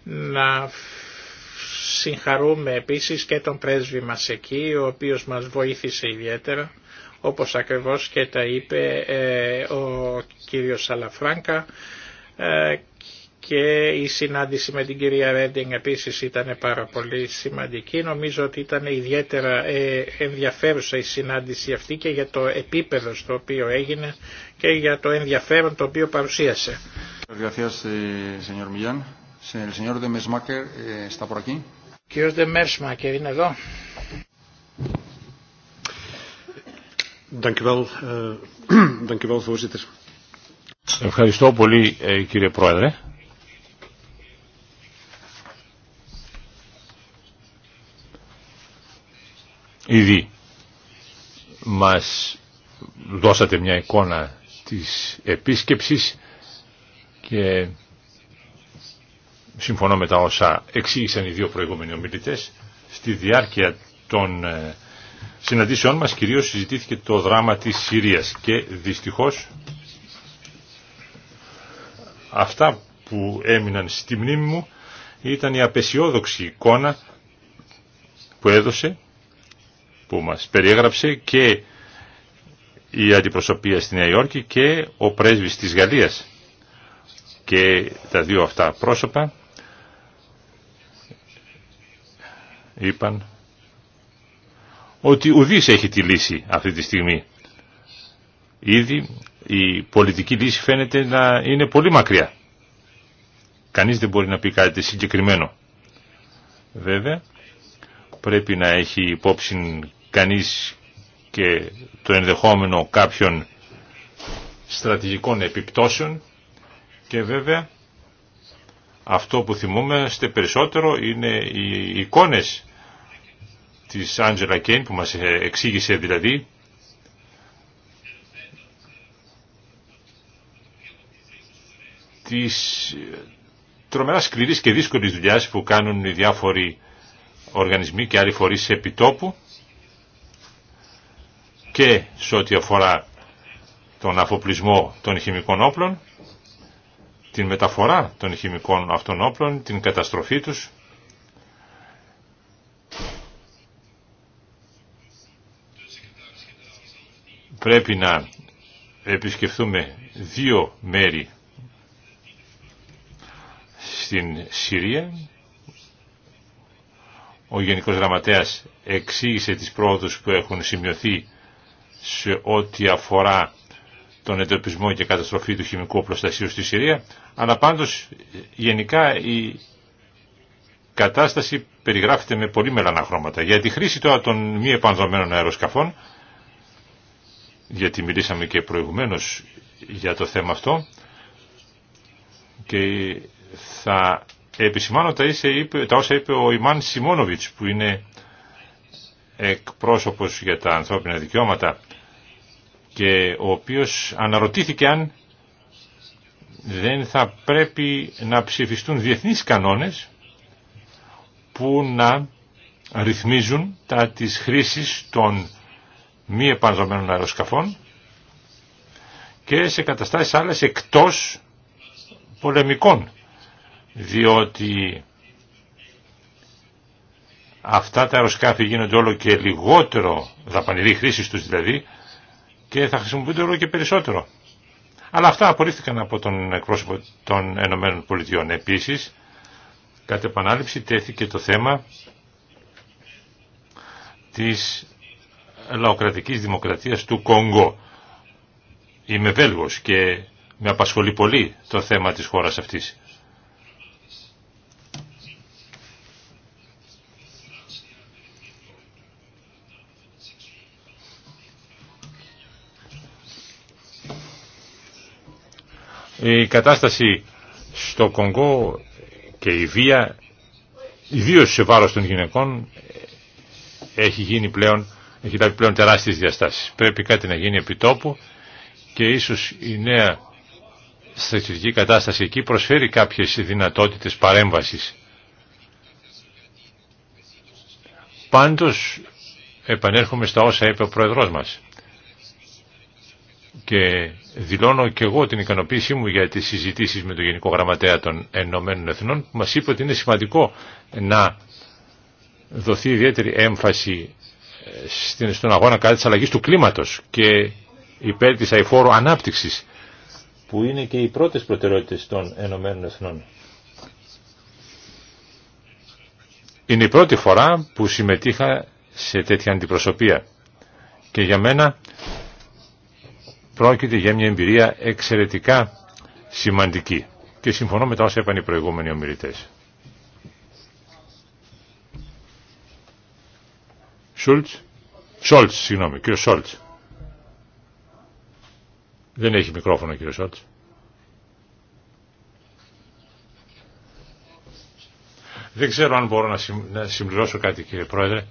Να συγχαρούμε επίσης και τον πρέσβη μας εκεί, ο οποίος μας βοήθησε ιδιαίτερα όπως ακριβώς και τα είπε ε, ο κύριος Σαλαφράνκα ε, και η συνάντηση με την κυρία Ρέντινγκ επίσης ήταν πάρα πολύ σημαντική. Νομίζω ότι ήταν ιδιαίτερα ε, ενδιαφέρουσα η συνάντηση αυτή και για το επίπεδο στο οποίο έγινε και για το ενδιαφέρον το οποίο παρουσίασε. Κύριος Δεμέρσμακερ είναι εδώ. Eh, Ευχαριστώ πολύ ε, κύριε Πρόεδρε. Ήδη μας δώσατε μια εικόνα της επίσκεψης και συμφωνώ με τα όσα εξήγησαν οι δύο προηγούμενοι ομιλητές στη διάρκεια των ε, συναντήσεών μας κυρίως συζητήθηκε το δράμα της Συρίας και δυστυχώς αυτά που έμειναν στη μνήμη μου ήταν η απεσιόδοξη εικόνα που έδωσε, που μας περιέγραψε και η αντιπροσωπεία στη Νέα Υόρκη και ο πρέσβης της Γαλλίας. Και τα δύο αυτά πρόσωπα είπαν ότι ουδής έχει τη λύση αυτή τη στιγμή. Ήδη η πολιτική λύση φαίνεται να είναι πολύ μακριά. Κανείς δεν μπορεί να πει κάτι συγκεκριμένο. Βέβαια, πρέπει να έχει υπόψη κανείς και το ενδεχόμενο κάποιων στρατηγικών επιπτώσεων και βέβαια αυτό που θυμούμαστε περισσότερο είναι οι εικόνες της Άντζελα Κέιν που μας ε, εξήγησε δηλαδή της ε, τρομερά σκληρής και δύσκολης δουλειάς που κάνουν οι διάφοροι οργανισμοί και άλλοι φορείς επιτόπου και σε ό,τι αφορά τον αφοπλισμό των χημικών όπλων, την μεταφορά των χημικών αυτών όπλων, την καταστροφή τους πρέπει να επισκεφθούμε δύο μέρη στην Συρία. Ο Γενικός Γραμματέας εξήγησε τις πρόοδους που έχουν σημειωθεί σε ό,τι αφορά τον εντοπισμό και καταστροφή του χημικού προστασίου στη Συρία, αλλά πάντως γενικά η κατάσταση περιγράφεται με πολύ μελανά χρώματα. Για τη χρήση τώρα των μη επανδρομένων αεροσκαφών, γιατί μιλήσαμε και προηγουμένως για το θέμα αυτό και θα επισημάνω τα, είσαι, είπε, όσα είπε ο Ιμάν Σιμόνοβιτς που είναι εκπρόσωπος για τα ανθρώπινα δικαιώματα και ο οποίος αναρωτήθηκε αν δεν θα πρέπει να ψηφιστούν διεθνείς κανόνες που να ρυθμίζουν τα της χρήσης των μη επανδομένων αεροσκαφών και σε καταστάσεις άλλες εκτός πολεμικών διότι αυτά τα αεροσκάφη γίνονται όλο και λιγότερο δαπανηρή χρήση τους δηλαδή και θα χρησιμοποιούνται όλο και περισσότερο. Αλλά αυτά απορρίφθηκαν από τον εκπρόσωπο των Ενωμένων Πολιτειών. Επίσης, κατ' επανάληψη τέθηκε το θέμα της λαοκρατικής δημοκρατίας του Κόγκο. Είμαι Βέλγος και με απασχολεί πολύ το θέμα της χώρας αυτής. Η κατάσταση στο Κονγκό και η βία, ιδίως σε βάρος των γυναικών, έχει γίνει πλέον έχει λάβει πλέον τεράστιες διαστάσεις. Πρέπει κάτι να γίνει επί τόπου και ίσως η νέα στρατιωτική κατάσταση εκεί προσφέρει κάποιες δυνατότητες παρέμβασης. Πάντως επανέρχομαι στα όσα είπε ο Πρόεδρός μας και δηλώνω και εγώ την ικανοποίησή μου για τις συζητήσεις με τον Γενικό Γραμματέα των Ενωμένων Εθνών που μας είπε ότι είναι σημαντικό να δοθεί ιδιαίτερη έμφαση στον αγώνα κατά της αλλαγής του κλίματος και υπέρ της αηφόρου ανάπτυξης που είναι και οι πρώτες προτεραιότητες των Ενωμένων Εθνών. Είναι η πρώτη φορά που συμμετείχα σε τέτοια αντιπροσωπεία και για μένα πρόκειται για μια εμπειρία εξαιρετικά σημαντική και συμφωνώ με τα όσα είπαν οι προηγούμενοι ομιλητές. Σόλτ, Σόλτς, συγγνώμη, κύριο Σόλτς. Δεν έχει μικρόφωνο κύριο Σόλτ; Δεν ξέρω αν μπορώ να συμπληρώσω κάτι κύριε Πρόεδρε.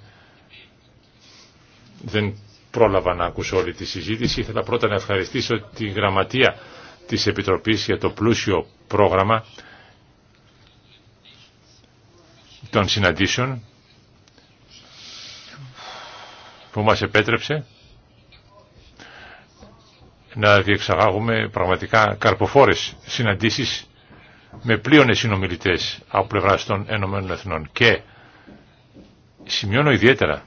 Δεν πρόλαβα να ακούσω όλη τη συζήτηση. Ήθελα πρώτα να ευχαριστήσω τη γραμματεία της Επιτροπής για το πλούσιο πρόγραμμα των συναντήσεων που μας επέτρεψε να διεξαγάγουμε πραγματικά καρποφόρες συναντήσεις με πλείονες συνομιλητές από πλευρά των ΕΕ. και σημειώνω ιδιαίτερα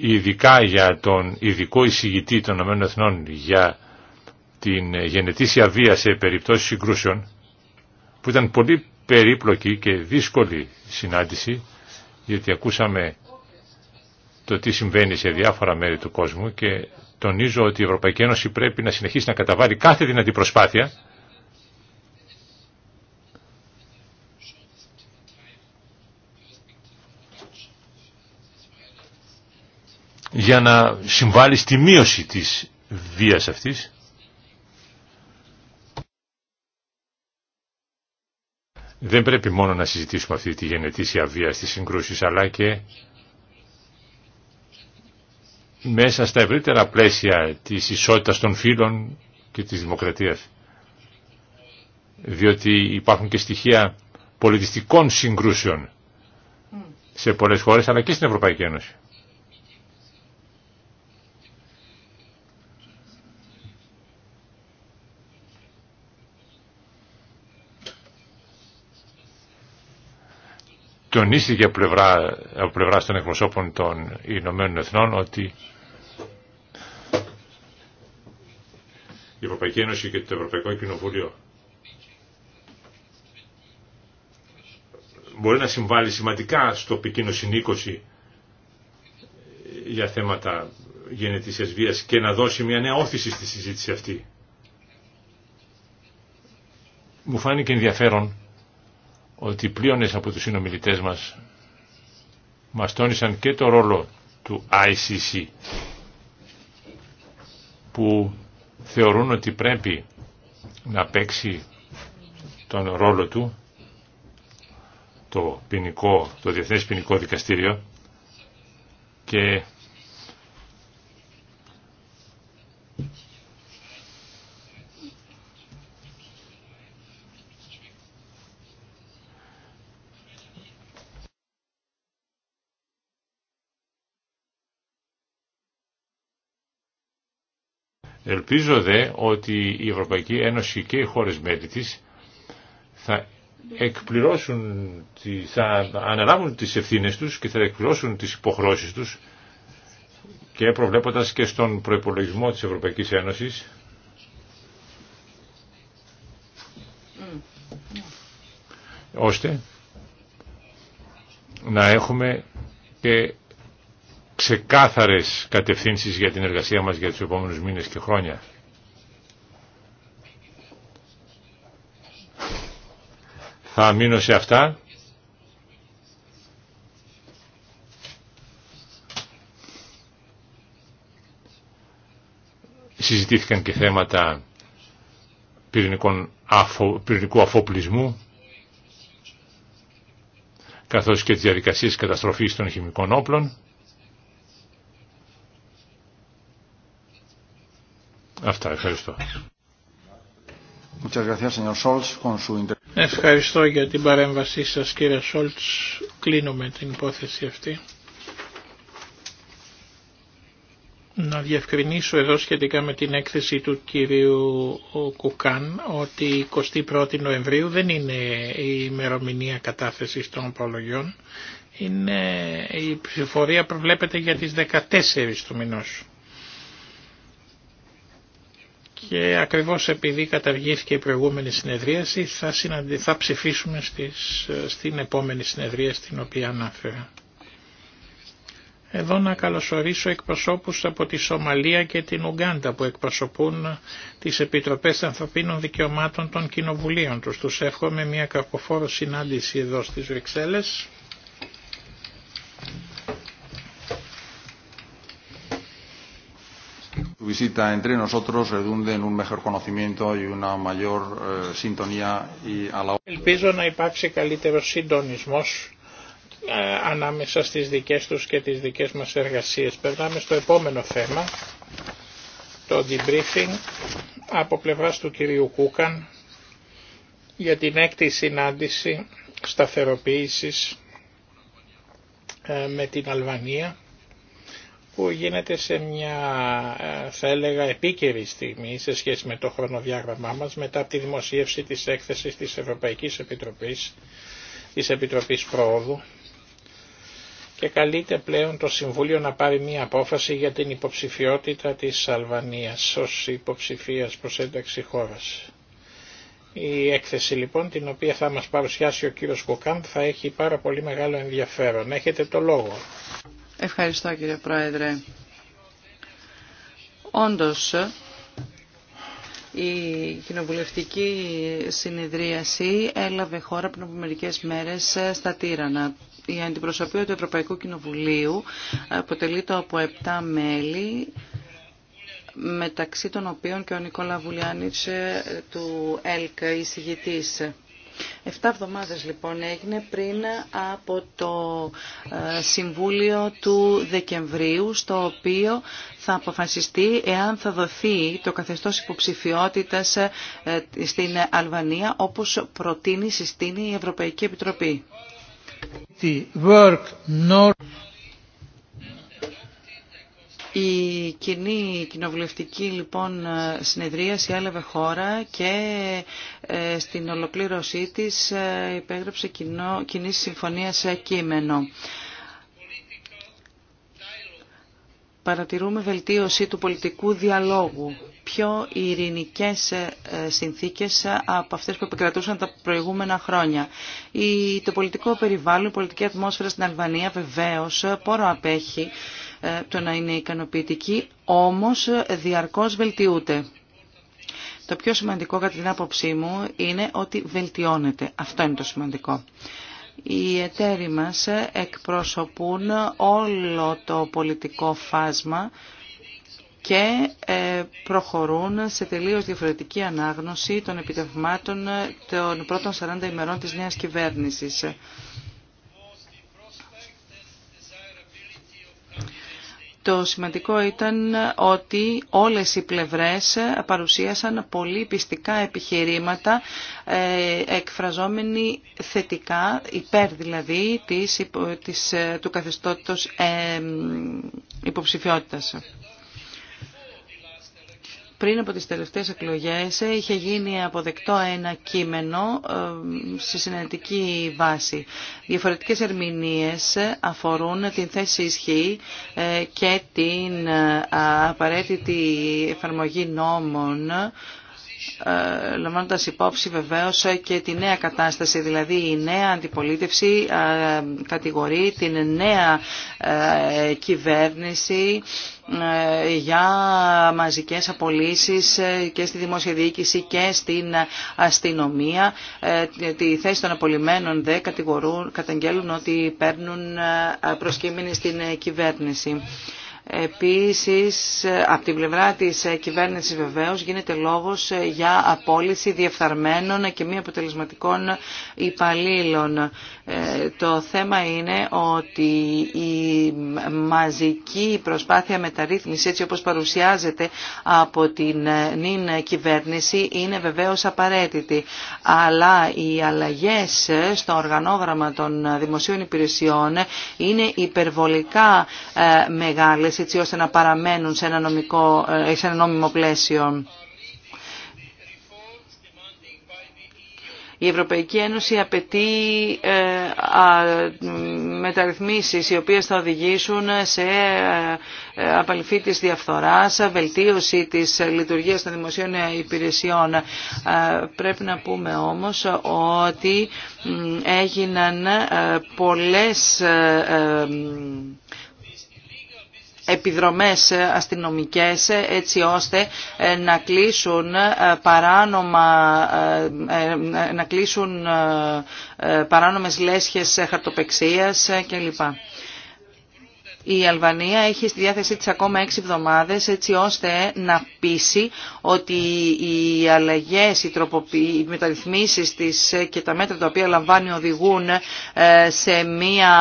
ειδικά για τον ειδικό εισηγητή των ΕΕ Εθνών για την γενετήσια βία σε περιπτώσεις συγκρούσεων, που ήταν πολύ περίπλοκη και δύσκολη συνάντηση, γιατί ακούσαμε το τι συμβαίνει σε διάφορα μέρη του κόσμου και τονίζω ότι η Ευρωπαϊκή Ένωση πρέπει να συνεχίσει να καταβάλει κάθε δυνατή προσπάθεια για να συμβάλλει στη μείωση της βίας αυτής δεν πρέπει μόνο να συζητήσουμε αυτή τη γενετήσια βία στις συγκρούσεις, αλλά και μέσα στα ευρύτερα πλαίσια της ισότητας των φίλων και της δημοκρατίας. Διότι υπάρχουν και στοιχεία πολιτιστικών συγκρούσεων σε πολλές χώρες, αλλά και στην Ευρωπαϊκή Ένωση. τονίστηκε από πλευρά, πλευρά των εκπροσώπων των Ηνωμένων Εθνών ότι η Ευρωπαϊκή Ένωση και το Ευρωπαϊκό Κοινοβούλιο μπορεί να συμβάλλει σημαντικά στο Πεκίνο συνήκωση για θέματα γενετήσιας βίας και να δώσει μια νέα όθηση στη συζήτηση αυτή. Μου φάνηκε ενδιαφέρον ότι πλήρωνε από τους συνομιλητές μας μας τόνισαν και το ρόλο του ICC που θεωρούν ότι πρέπει να παίξει τον ρόλο του το, ποινικό, το Διεθνές Ποινικό Δικαστήριο και Ελπίζω δε ότι η Ευρωπαϊκή Ένωση και οι χώρες μέλη της θα εκπληρώσουν, θα αναλάβουν τις ευθύνες τους και θα εκπληρώσουν τις υποχρώσεις τους και προβλέποντας και στον προϋπολογισμό της Ευρωπαϊκής Ένωσης mm. ώστε να έχουμε και ξεκάθαρες κατευθύνσεις για την εργασία μας για τους επόμενους μήνες και χρόνια. Θα μείνω σε αυτά. Συζητήθηκαν και θέματα πυρηνικού αφοπλισμού καθώς και τις διαδικασίες καταστροφής των χημικών όπλων. Αυτά, ευχαριστώ. Ευχαριστώ για την παρέμβασή σας κύριε Σόλτς. Κλείνουμε την υπόθεση αυτή. Να διευκρινίσω εδώ σχετικά με την έκθεση του κυρίου Κουκάν ότι 21η Νοεμβρίου δεν είναι η ημερομηνία κατάθεσης των απολογιών. Είναι η ψηφορία προβλέπεται για τις 14 του μηνός και ακριβώς επειδή καταργήθηκε η προηγούμενη συνεδρίαση θα, θα ψηφίσουμε στην επόμενη συνεδρία στην οποία ανάφερα. Εδώ να καλωσορίσω εκπροσώπους από τη Σομαλία και την Ουγκάντα που εκπροσωπούν τις Επιτροπές Ανθρωπίνων Δικαιωμάτων των Κοινοβουλίων τους. Τους εύχομαι μια κακοφόρο συνάντηση εδώ στις Βρυξέλλες su Ελπίζω να υπάρξει καλύτερο συντονισμό ανάμεσα στι δικέ του και τι δικές μας εργασίε. Περνάμε στο επόμενο θέμα, το debriefing από πλευρά του κυρίου Κούκαν για την έκτη συνάντηση σταθεροποίηση με την Αλβανία που γίνεται σε μια, ε, θα έλεγα, επίκαιρη στιγμή σε σχέση με το χρονοδιάγραμμά μας μετά από τη δημοσίευση της έκθεσης της Ευρωπαϊκής Επιτροπής, της Επιτροπής Πρόοδου και καλείται πλέον το Συμβούλιο να πάρει μια απόφαση για την υποψηφιότητα της Αλβανίας ως υποψηφίας προς ένταξη χώρας. Η έκθεση λοιπόν την οποία θα μας παρουσιάσει ο κύριος Κουκάν θα έχει πάρα πολύ μεγάλο ενδιαφέρον. Έχετε το λόγο. Ευχαριστώ κύριε Πρόεδρε. Όντως, η κοινοβουλευτική συνεδρίαση έλαβε χώρα πριν από μερικές μέρες στα Τύρανα. Η αντιπροσωπεία του Ευρωπαϊκού Κοινοβουλίου αποτελείται από 7 μέλη, μεταξύ των οποίων και ο Νικόλα Βουλιάνιτς ε, του ΕΛΚ, εισηγητής. Εφτά εβδομάδες λοιπόν έγινε πριν από το ε, Συμβούλιο του Δεκεμβρίου στο οποίο θα αποφασιστεί εάν θα δοθεί το καθεστώς υποψηφιότητας ε, στην Αλβανία όπως προτείνει, συστήνει η Ευρωπαϊκή Επιτροπή. Η κοινή κοινοβουλευτική λοιπόν συνεδρίαση έλαβε χώρα και ε, στην ολοκλήρωσή της ε, υπέγραψε κοινή συμφωνία σε κείμενο. Παρατηρούμε βελτίωση του πολιτικού διαλόγου. Πιο ειρηνικές ε, συνθήκες από αυτές που επικρατούσαν τα προηγούμενα χρόνια. Το πολιτικό περιβάλλον, η πολιτική ατμόσφαιρα στην Αλβανία βεβαίως πόρο απέχει ε, το να είναι ικανοποιητική, όμως διαρκώς βελτιούται. Το πιο σημαντικό κατά την άποψή μου είναι ότι βελτιώνεται. Αυτό είναι το σημαντικό. Οι εταίροι μας εκπροσωπούν όλο το πολιτικό φάσμα και ε, προχωρούν σε τελείως διαφορετική ανάγνωση των επιτευγμάτων των πρώτων 40 ημερών της νέας κυβέρνησης. Το σημαντικό ήταν ότι όλες οι πλευρές παρουσίασαν πολύ πιστικά επιχειρήματα ε, εκφραζόμενοι θετικά, υπέρ δηλαδή της, ε, του καθεστώτος ε, υποψηφιότητας πριν από τις τελευταίες εκλογές είχε γίνει αποδεκτό ένα κείμενο ε, σε συνενετική βάση. Διαφορετικές ερμηνείες αφορούν την θέση ισχύ ε, και την ε, απαραίτητη εφαρμογή νόμων ε, λαμβάνοντας υπόψη βεβαίως και τη νέα κατάσταση, δηλαδή η νέα αντιπολίτευση ε, κατηγορεί την νέα ε, κυβέρνηση για μαζικές απολύσεις και στη δημοσιοδιοίκηση και στην αστυνομία. Τη θέση των απολυμένων δε κατηγορούν, καταγγέλουν ότι παίρνουν προσκύμινη στην κυβέρνηση. Επίσης, από την πλευρά της κυβέρνησης βεβαίως γίνεται λόγος για απόλυση διεφθαρμένων και μη αποτελεσματικών υπαλλήλων. Ε, το θέμα είναι ότι η μαζική προσπάθεια μεταρρύθμιση έτσι όπως παρουσιάζεται από την νυν κυβέρνηση είναι βεβαίως απαραίτητη. Αλλά οι αλλαγές στο οργανόγραμμα των δημοσίων υπηρεσιών είναι υπερβολικά ε, μεγάλες έτσι ώστε να παραμένουν σε ένα, νομικό, ε, σε ένα νόμιμο πλαίσιο. Η Ευρωπαϊκή Ένωση απαιτεί ε, μεταρρυθμίσεις οι οποίες θα οδηγήσουν σε ε, απαλυφή της διαφθοράς, βελτίωση της λειτουργίας των δημοσίων υπηρεσιών. Ε, πρέπει να πούμε όμως ότι έγιναν πολλές επιδρομές αστυνομικές έτσι ώστε ε, να κλείσουν ε, παράνομα ε, να κλείσουν παράνομες λέσχες χαρτοπεξίας κλπ. Η Αλβανία έχει στη διάθεσή της ακόμα έξι εβδομάδες έτσι ώστε να πείσει ότι οι αλλαγές, οι, τροποποιη... μεταρρυθμίσεις της και τα μέτρα τα οποία λαμβάνει οδηγούν ε, σε μια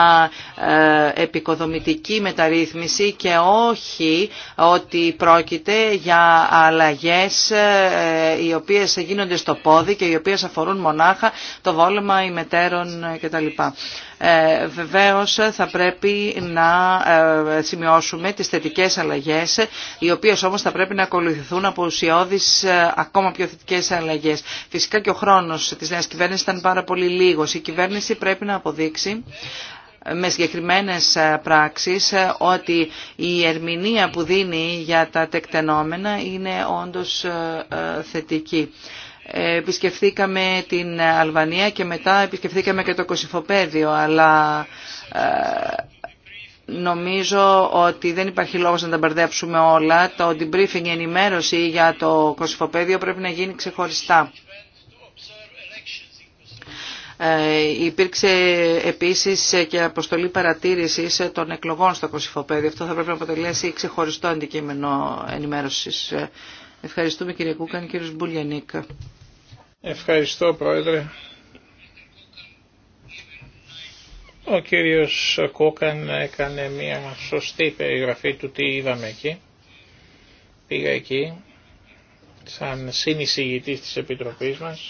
ε, επικοδομητική μεταρρύθμιση και όχι ότι πρόκειται για αλλαγές ε, οι οποίες γίνονται στο πόδι και οι οποίες αφορούν μονάχα το βόλεμα ημετέρων κτλ. Ε, βεβαίως θα πρέπει να ε, σημειώσουμε τις θετικές αλλαγές, οι οποίες όμως θα πρέπει να ακολουθηθούν από ουσιώδεις ε, ακόμα πιο θετικές αλλαγές. Φυσικά και ο χρόνος της νέας κυβέρνησης ήταν πάρα πολύ λίγος. Η κυβέρνηση πρέπει να αποδείξει με συγκεκριμένες πράξεις ότι η ερμηνεία που δίνει για τα τεκτενόμενα είναι όντως θετική επισκεφθήκαμε την Αλβανία και μετά επισκεφθήκαμε και το Κωσυφοπέδιο. αλλά ε, νομίζω ότι δεν υπάρχει λόγος να τα μπερδέψουμε όλα. Το debriefing, η ενημέρωση για το Κωσυφοπέδιο πρέπει να γίνει ξεχωριστά. Ε, υπήρξε επίσης και αποστολή παρατήρησης των εκλογών στο Κωσυφοπέδιο. Αυτό θα πρέπει να αποτελέσει ξεχωριστό αντικείμενο ενημέρωσης. Ε, ευχαριστούμε κύριε Κούκαν, κύριος Μπουλιανίκ. Ευχαριστώ Πρόεδρε. Ο κύριος Κόκαν έκανε μια σωστή περιγραφή του τι είδαμε εκεί. Πήγα εκεί σαν συνεισηγητής της Επιτροπής μας.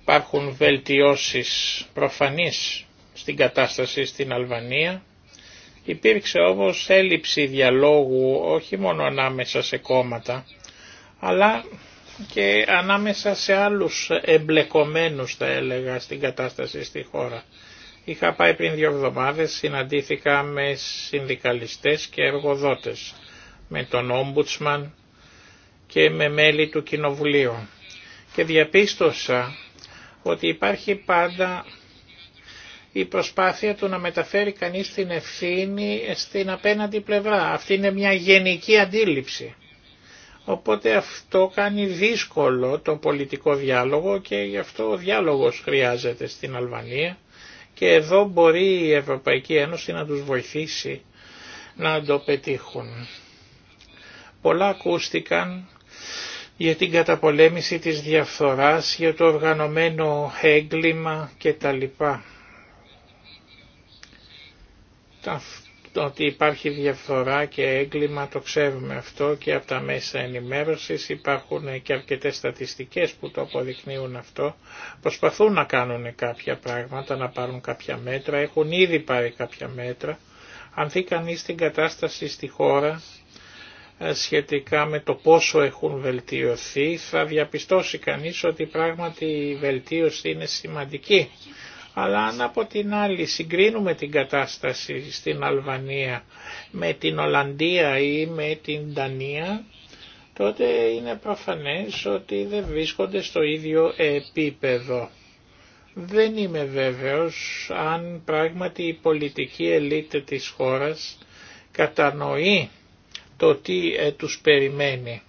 Υπάρχουν βελτιώσεις προφανής στην κατάσταση στην Αλβανία. Υπήρξε όμως έλλειψη διαλόγου όχι μόνο ανάμεσα σε κόμματα, αλλά και ανάμεσα σε άλλους εμπλεκομένους θα έλεγα στην κατάσταση στη χώρα. Είχα πάει πριν δύο εβδομάδες, συναντήθηκα με συνδικαλιστές και εργοδότες, με τον Όμπουτσμαν και με μέλη του Κοινοβουλίου και διαπίστωσα ότι υπάρχει πάντα η προσπάθεια του να μεταφέρει κανείς την ευθύνη στην απέναντι πλευρά. Αυτή είναι μια γενική αντίληψη. Οπότε αυτό κάνει δύσκολο το πολιτικό διάλογο και γι' αυτό ο διάλογος χρειάζεται στην Αλβανία και εδώ μπορεί η Ευρωπαϊκή Ένωση να τους βοηθήσει να το πετύχουν. Πολλά ακούστηκαν για την καταπολέμηση της διαφθοράς, για το οργανωμένο έγκλημα κτλ ότι υπάρχει διαφθορά και έγκλημα το ξέρουμε αυτό και από τα μέσα ενημέρωσης υπάρχουν και αρκετές στατιστικές που το αποδεικνύουν αυτό. Προσπαθούν να κάνουν κάποια πράγματα, να πάρουν κάποια μέτρα, έχουν ήδη πάρει κάποια μέτρα. Αν δει κανείς την κατάσταση στη χώρα ε, σχετικά με το πόσο έχουν βελτιωθεί θα διαπιστώσει κανείς ότι πράγματι η βελτίωση είναι σημαντική αλλά αν από την άλλη συγκρίνουμε την κατάσταση στην Αλβανία με την Ολλανδία ή με την Δανία, τότε είναι προφανές ότι δεν βρίσκονται στο ίδιο επίπεδο. Δεν είμαι βέβαιος αν πράγματι η πολιτική ελίτ της χώρας κατανοεί το τι ε, τους περιμένει.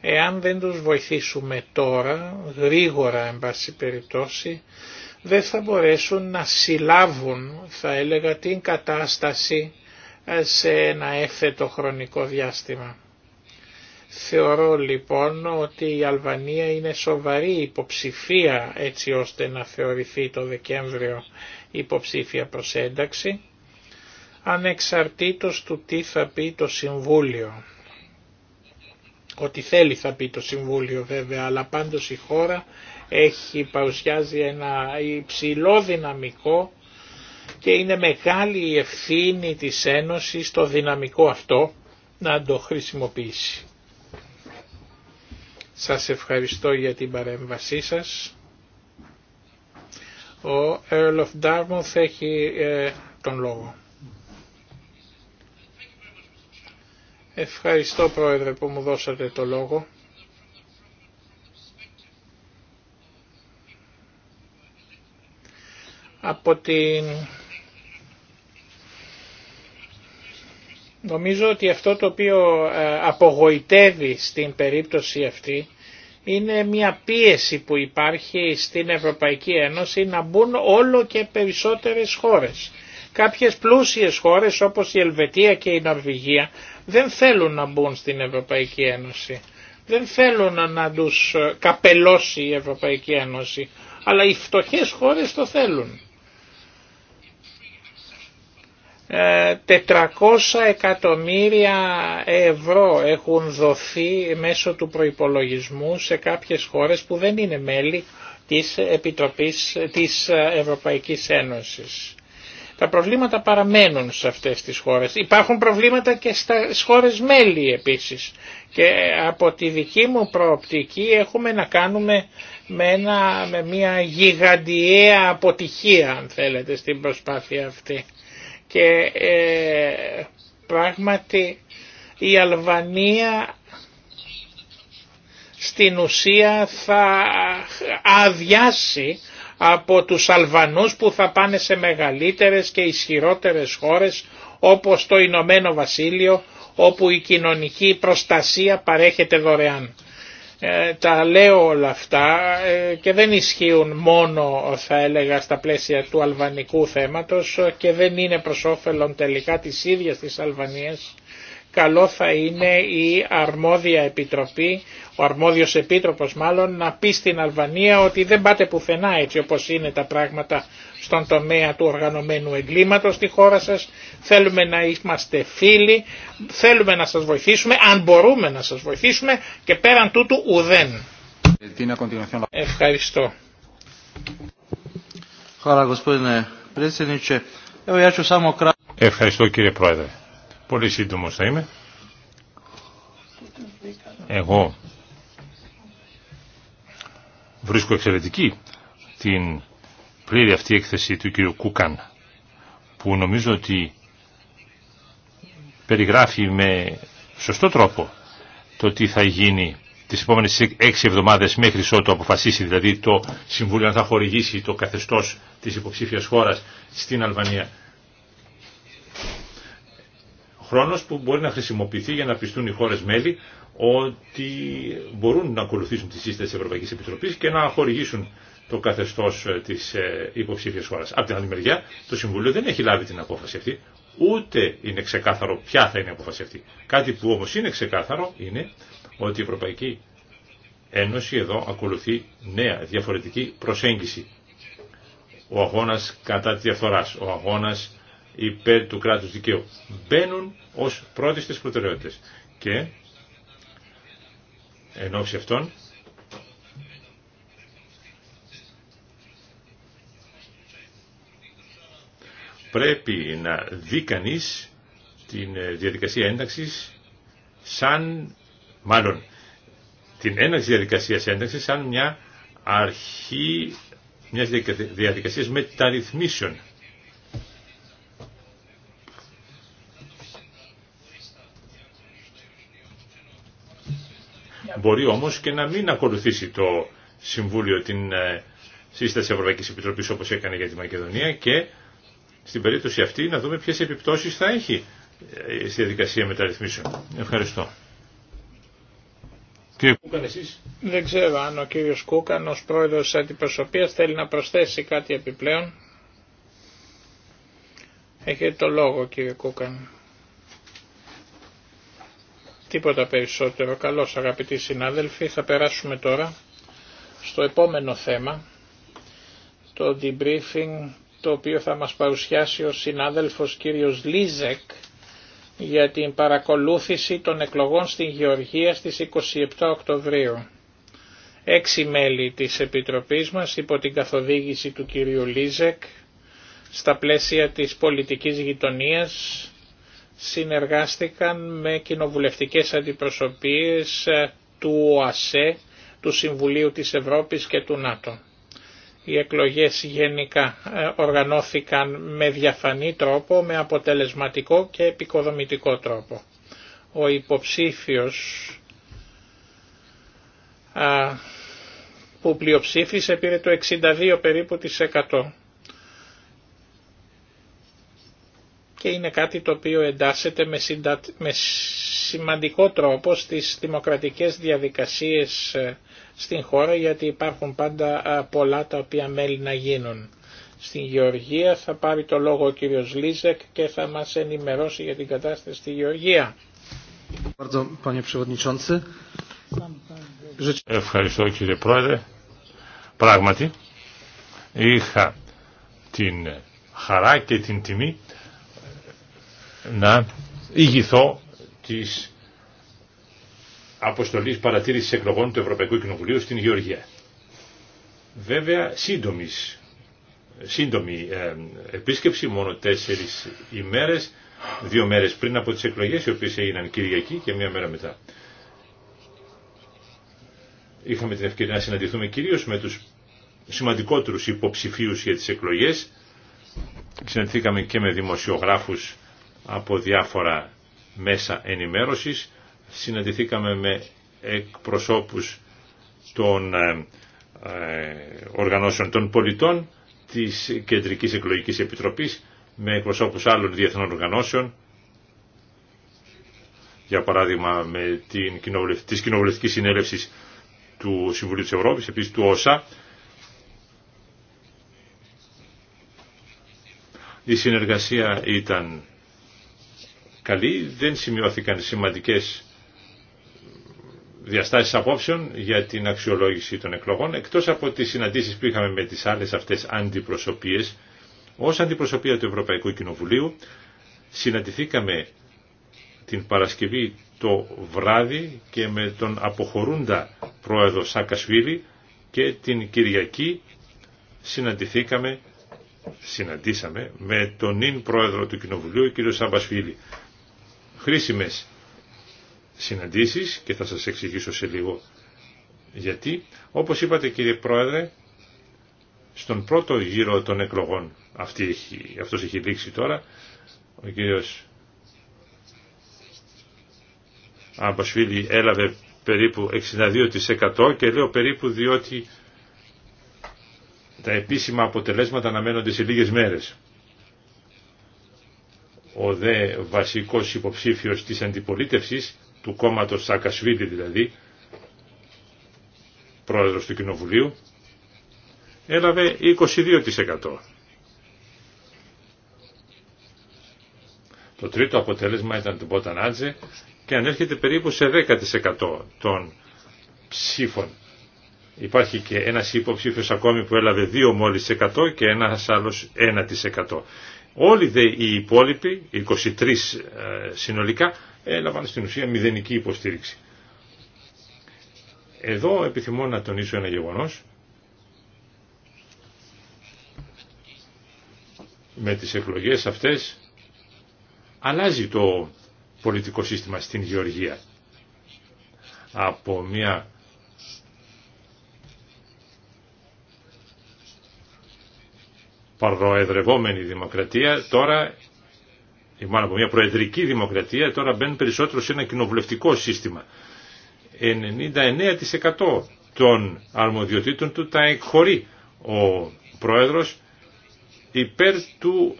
Εάν δεν τους βοηθήσουμε τώρα, γρήγορα εν πάση περιπτώσει, δεν θα μπορέσουν να συλλάβουν, θα έλεγα, την κατάσταση ε, σε ένα έφετο χρονικό διάστημα. Θεωρώ λοιπόν ότι η Αλβανία είναι σοβαρή υποψηφία έτσι ώστε να θεωρηθεί το Δεκέμβριο υποψήφια προς ένταξη, ανεξαρτήτως του τι θα πει το Συμβούλιο. Ότι θέλει θα πει το Συμβούλιο βέβαια, αλλά πάντως η χώρα έχει παρουσιάζει ένα υψηλό δυναμικό και είναι μεγάλη η ευθύνη της Ένωσης το δυναμικό αυτό να το χρησιμοποιήσει. Σας ευχαριστώ για την παρέμβασή σας. Ο Earl of Dartmouth έχει ε, τον λόγο. Ευχαριστώ Πρόεδρε που μου δώσατε το λόγο. από την... Νομίζω ότι αυτό το οποίο ε, απογοητεύει στην περίπτωση αυτή είναι μια πίεση που υπάρχει στην Ευρωπαϊκή Ένωση να μπουν όλο και περισσότερες χώρες. Κάποιες πλούσιες χώρες όπως η Ελβετία και η Νορβηγία δεν θέλουν να μπουν στην Ευρωπαϊκή Ένωση. Δεν θέλουν να τους καπελώσει η Ευρωπαϊκή Ένωση, αλλά οι φτωχές χώρες το θέλουν. 400 ε, εκατομμύρια ευρώ έχουν δοθεί μέσω του προϋπολογισμού σε κάποιες χώρες που δεν είναι μέλη της, Επιτροπής, της Ευρωπαϊκής Ένωσης. Τα προβλήματα παραμένουν σε αυτές τις χώρες. Υπάρχουν προβλήματα και στις χώρες μέλη επίσης. Και από τη δική μου προοπτική έχουμε να κάνουμε με, μια γιγαντιαία αποτυχία αν θέλετε στην προσπάθεια αυτή και ε, πράγματι η Αλβανία στην ουσία θα αδειάσει από τους Αλβανούς που θα πάνε σε μεγαλύτερες και ισχυρότερες χώρες όπως το Ηνωμένο Βασίλειο όπου η κοινωνική προστασία παρέχεται δωρεάν. Ε, τα λέω όλα αυτά ε, και δεν ισχύουν μόνο θα έλεγα στα πλαίσια του αλβανικού θέματος και δεν είναι προς όφελον τελικά της ίδιας της Αλβανίας. Καλό θα είναι η αρμόδια επιτροπή, ο αρμόδιος επίτροπος μάλλον να πει στην Αλβανία ότι δεν πάτε πουθενά έτσι όπως είναι τα πράγματα στον τομέα του οργανωμένου εγκλήματος στη χώρα σας, θέλουμε να είμαστε φίλοι, θέλουμε να σας βοηθήσουμε, αν μπορούμε να σας βοηθήσουμε και πέραν τούτου ουδέν. Ευχαριστώ. Ευχαριστώ κύριε Πρόεδρε. Πολύ σύντομο θα είμαι. Εγώ βρίσκω εξαιρετική την πλήρη αυτή η έκθεση του κύριου Κούκαν που νομίζω ότι περιγράφει με σωστό τρόπο το τι θα γίνει τις επόμενες έξι εβδομάδες μέχρι ότου αποφασίσει δηλαδή το Συμβούλιο αν θα χορηγήσει το καθεστώς της υποψήφιας χώρας στην Αλβανία. Χρόνος που μπορεί να χρησιμοποιηθεί για να πιστούν οι χώρες μέλη ότι μπορούν να ακολουθήσουν τις σύσταση της Ευρωπαϊκής Επιτροπής και να χορηγήσουν το καθεστώ ε, της ε, υποψήφιας χώρα. Από την άλλη μεριά, το Συμβουλίο δεν έχει λάβει την απόφαση αυτή, ούτε είναι ξεκάθαρο ποια θα είναι η απόφαση αυτή. Κάτι που όμω είναι ξεκάθαρο είναι ότι η Ευρωπαϊκή Ένωση εδώ ακολουθεί νέα διαφορετική προσέγγιση. Ο αγώνας κατά τη διαφθορά, ο αγώνας υπέρ του κράτου δικαίου μπαίνουν ω πρώτε τι προτεραιότητε. Και εν αυτών πρέπει να δει κανεί την ε, διαδικασία ένταξης σαν, μάλλον, την έναρξη διαδικασίας ένταξης σαν μια αρχή μια διαδικασία μεταρρυθμίσεων. Μπορεί όμως και να μην ακολουθήσει το Συμβούλιο την ε, σύσταση Ευρωπαϊκής Επιτροπής όπως έκανε για τη Μακεδονία και στην περίπτωση αυτή να δούμε ποιες επιπτώσεις θα έχει ε, στη διαδικασία μεταρρυθμίσεων. Ευχαριστώ. Κύριε εσείς. Δεν ξέρω αν ο κύριος Κούκαν ως πρόεδρος της αντιπροσωπείας θέλει να προσθέσει κάτι επιπλέον. Έχετε το λόγο κύριε Κούκαν. Τίποτα περισσότερο. Καλώς αγαπητοί συνάδελφοι. Θα περάσουμε τώρα στο επόμενο θέμα, το debriefing το οποίο θα μας παρουσιάσει ο συνάδελφος κύριος Λίζεκ για την παρακολούθηση των εκλογών στην Γεωργία στις 27 Οκτωβρίου. Έξι μέλη της Επιτροπής μας υπό την καθοδήγηση του κύριου Λίζεκ στα πλαίσια της πολιτικής γειτονίας συνεργάστηκαν με κοινοβουλευτικές αντιπροσωπείες ε, του ΟΑΣΕ, του Συμβουλίου της Ευρώπης και του ΝΑΤΟ. Οι εκλογές γενικά ε, οργανώθηκαν με διαφανή τρόπο, με αποτελεσματικό και επικοδομητικό τρόπο. Ο υποψήφιος που πλειοψήφισε πήρε το 62 περίπου της 100. και είναι κάτι το οποίο εντάσσεται με, με σημαντικό τρόπο στις δημοκρατικές διαδικασίες ε, στην χώρα γιατί υπάρχουν πάντα πολλά τα οποία μέλη να γίνουν. Στην Γεωργία θα πάρει το λόγο ο κύριος Λίζεκ και θα μας ενημερώσει για την κατάσταση στη Γεωργία. Ευχαριστώ κύριε Πρόεδρε. Πράγματι είχα την χαρά και την τιμή να ηγηθώ της αποστολής παρατήρησης εκλογών του Ευρωπαϊκού Κοινοβουλίου στην Γεωργία. Βέβαια σύντομης, σύντομη ε, επίσκεψη, μόνο τέσσερις ημέρες, δύο μέρες πριν από τις εκλογές, οι οποίες έγιναν Κυριακή και μία μέρα μετά. Είχαμε την ευκαιρία να συναντηθούμε κυρίως με τους σημαντικότερους υποψηφίους για τις εκλογές. Συναντηθήκαμε και με δημοσιογράφους από διάφορα μέσα ενημέρωσης συναντηθήκαμε με εκπροσώπους των ε, ε, οργανώσεων των πολιτών της Κεντρικής Εκλογικής Επιτροπής με εκπροσώπους άλλων διεθνών οργανώσεων για παράδειγμα με την κοινοβουλευτική, της Κοινοβουλευτικής Συνέλευσης του Συμβουλίου της Ευρώπης, επίσης του ΩΣΑ. Η συνεργασία ήταν καλή, δεν σημειώθηκαν σημαντικές διαστάσεις απόψεων για την αξιολόγηση των εκλογών, εκτός από τις συναντήσεις που είχαμε με τις άλλες αυτές αντιπροσωπείες, ως αντιπροσωπεία του Ευρωπαϊκού Κοινοβουλίου συναντηθήκαμε την Παρασκευή το βράδυ και με τον αποχωρούντα πρόεδρο Σάκασβίλη και την Κυριακή συναντηθήκαμε, συναντήσαμε με τον νυν πρόεδρο του Κοινοβουλίου, κύριο Σάμπασβίλη. Χρήσιμες συναντήσεις και θα σας εξηγήσω σε λίγο γιατί. Όπως είπατε κύριε Πρόεδρε, στον πρώτο γύρο των εκλογών, αυτή έχει, αυτός έχει λήξει τώρα, ο κύριος Αμπασφίλη έλαβε περίπου 62% και λέω περίπου διότι τα επίσημα αποτελέσματα αναμένονται σε λίγες μέρες. Ο δε βασικός υποψήφιος της αντιπολίτευσης του κόμματος Σακασβίλη δηλαδή, πρόεδρος του Κοινοβουλίου, έλαβε 22%. Το τρίτο αποτέλεσμα ήταν το Μποτανάτζε και ανέρχεται περίπου σε 10% των ψήφων. Υπάρχει και ένας υποψήφιος ακόμη που έλαβε 2 μόλις 100 και ένας άλλος 1%. Όλοι οι υπόλοιποι, 23 ε, συνολικά, έλαβαν στην ουσία μηδενική υποστήριξη. Εδώ επιθυμώ να τονίσω ένα γεγονός. Με τις εκλογές αυτές αλλάζει το πολιτικό σύστημα στην Γεωργία. Από μια Παροεδρευόμενη δημοκρατία τώρα ή μάλλον από μια προεδρική δημοκρατία τώρα μπαίνει περισσότερο σε ένα κοινοβουλευτικό σύστημα. 99% των αρμοδιοτήτων του τα εκχωρεί ο πρόεδρος υπέρ του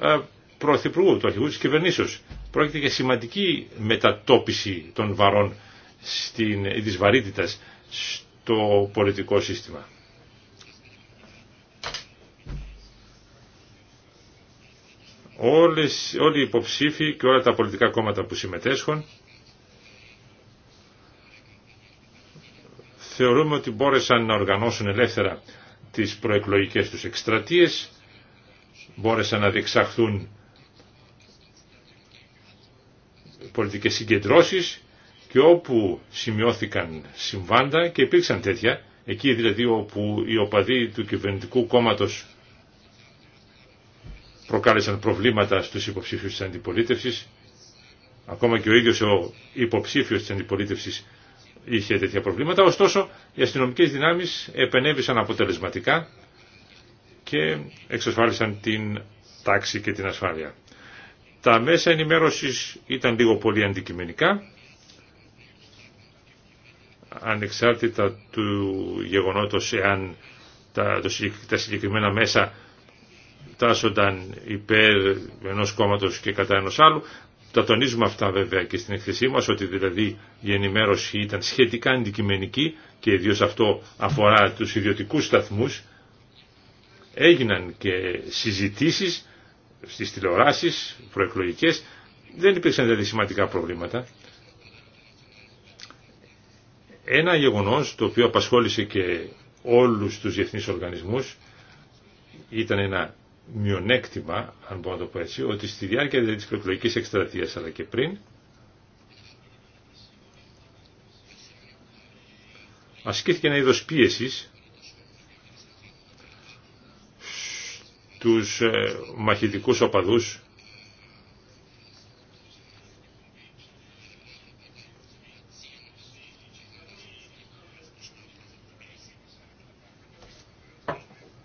πρωθυπουργού, του αρχηγού της κυβερνήσεως. Πρόκειται για σημαντική μετατόπιση των βαρών στην, της βαρύτητας στο πολιτικό σύστημα. όλες, όλοι οι υποψήφοι και όλα τα πολιτικά κόμματα που συμμετέσχουν θεωρούμε ότι μπόρεσαν να οργανώσουν ελεύθερα τις προεκλογικές τους εκστρατείες, μπόρεσαν να διεξαχθούν πολιτικές συγκεντρώσεις και όπου σημειώθηκαν συμβάντα και υπήρξαν τέτοια, εκεί δηλαδή όπου οι οπαδοί του κυβερνητικού κόμματος προκάλεσαν προβλήματα στους υποψήφιους της αντιπολίτευσης. Ακόμα και ο ίδιος ο υποψήφιος της αντιπολίτευσης είχε τέτοια προβλήματα. Ωστόσο, οι αστυνομικές δυνάμεις επενέβησαν αποτελεσματικά και εξασφάλισαν την τάξη και την ασφάλεια. Τα μέσα ενημέρωσης ήταν λίγο πολύ αντικειμενικά, ανεξάρτητα του γεγονότος εάν τα, τα συγκεκριμένα μέσα τάσσονταν υπέρ ενός κόμματος και κατά ενός άλλου. Τα τονίζουμε αυτά βέβαια και στην εκθεσή μας ότι δηλαδή η ενημέρωση ήταν σχετικά αντικειμενική και ιδίω αυτό αφορά τους ιδιωτικούς σταθμούς. Έγιναν και συζητήσεις στις τηλεοράσεις προεκλογικές. Δεν υπήρξαν δηλαδή σημαντικά προβλήματα. Ένα γεγονός το οποίο απασχόλησε και όλους τους διεθνείς οργανισμούς ήταν ένα μειονέκτημα, αν μπορώ να το πω έτσι, ότι στη διάρκεια της προεκλογικής εκστρατείας αλλά και πριν ασκήθηκε ένα είδος πίεσης τους ε, μαχητικούς οπαδούς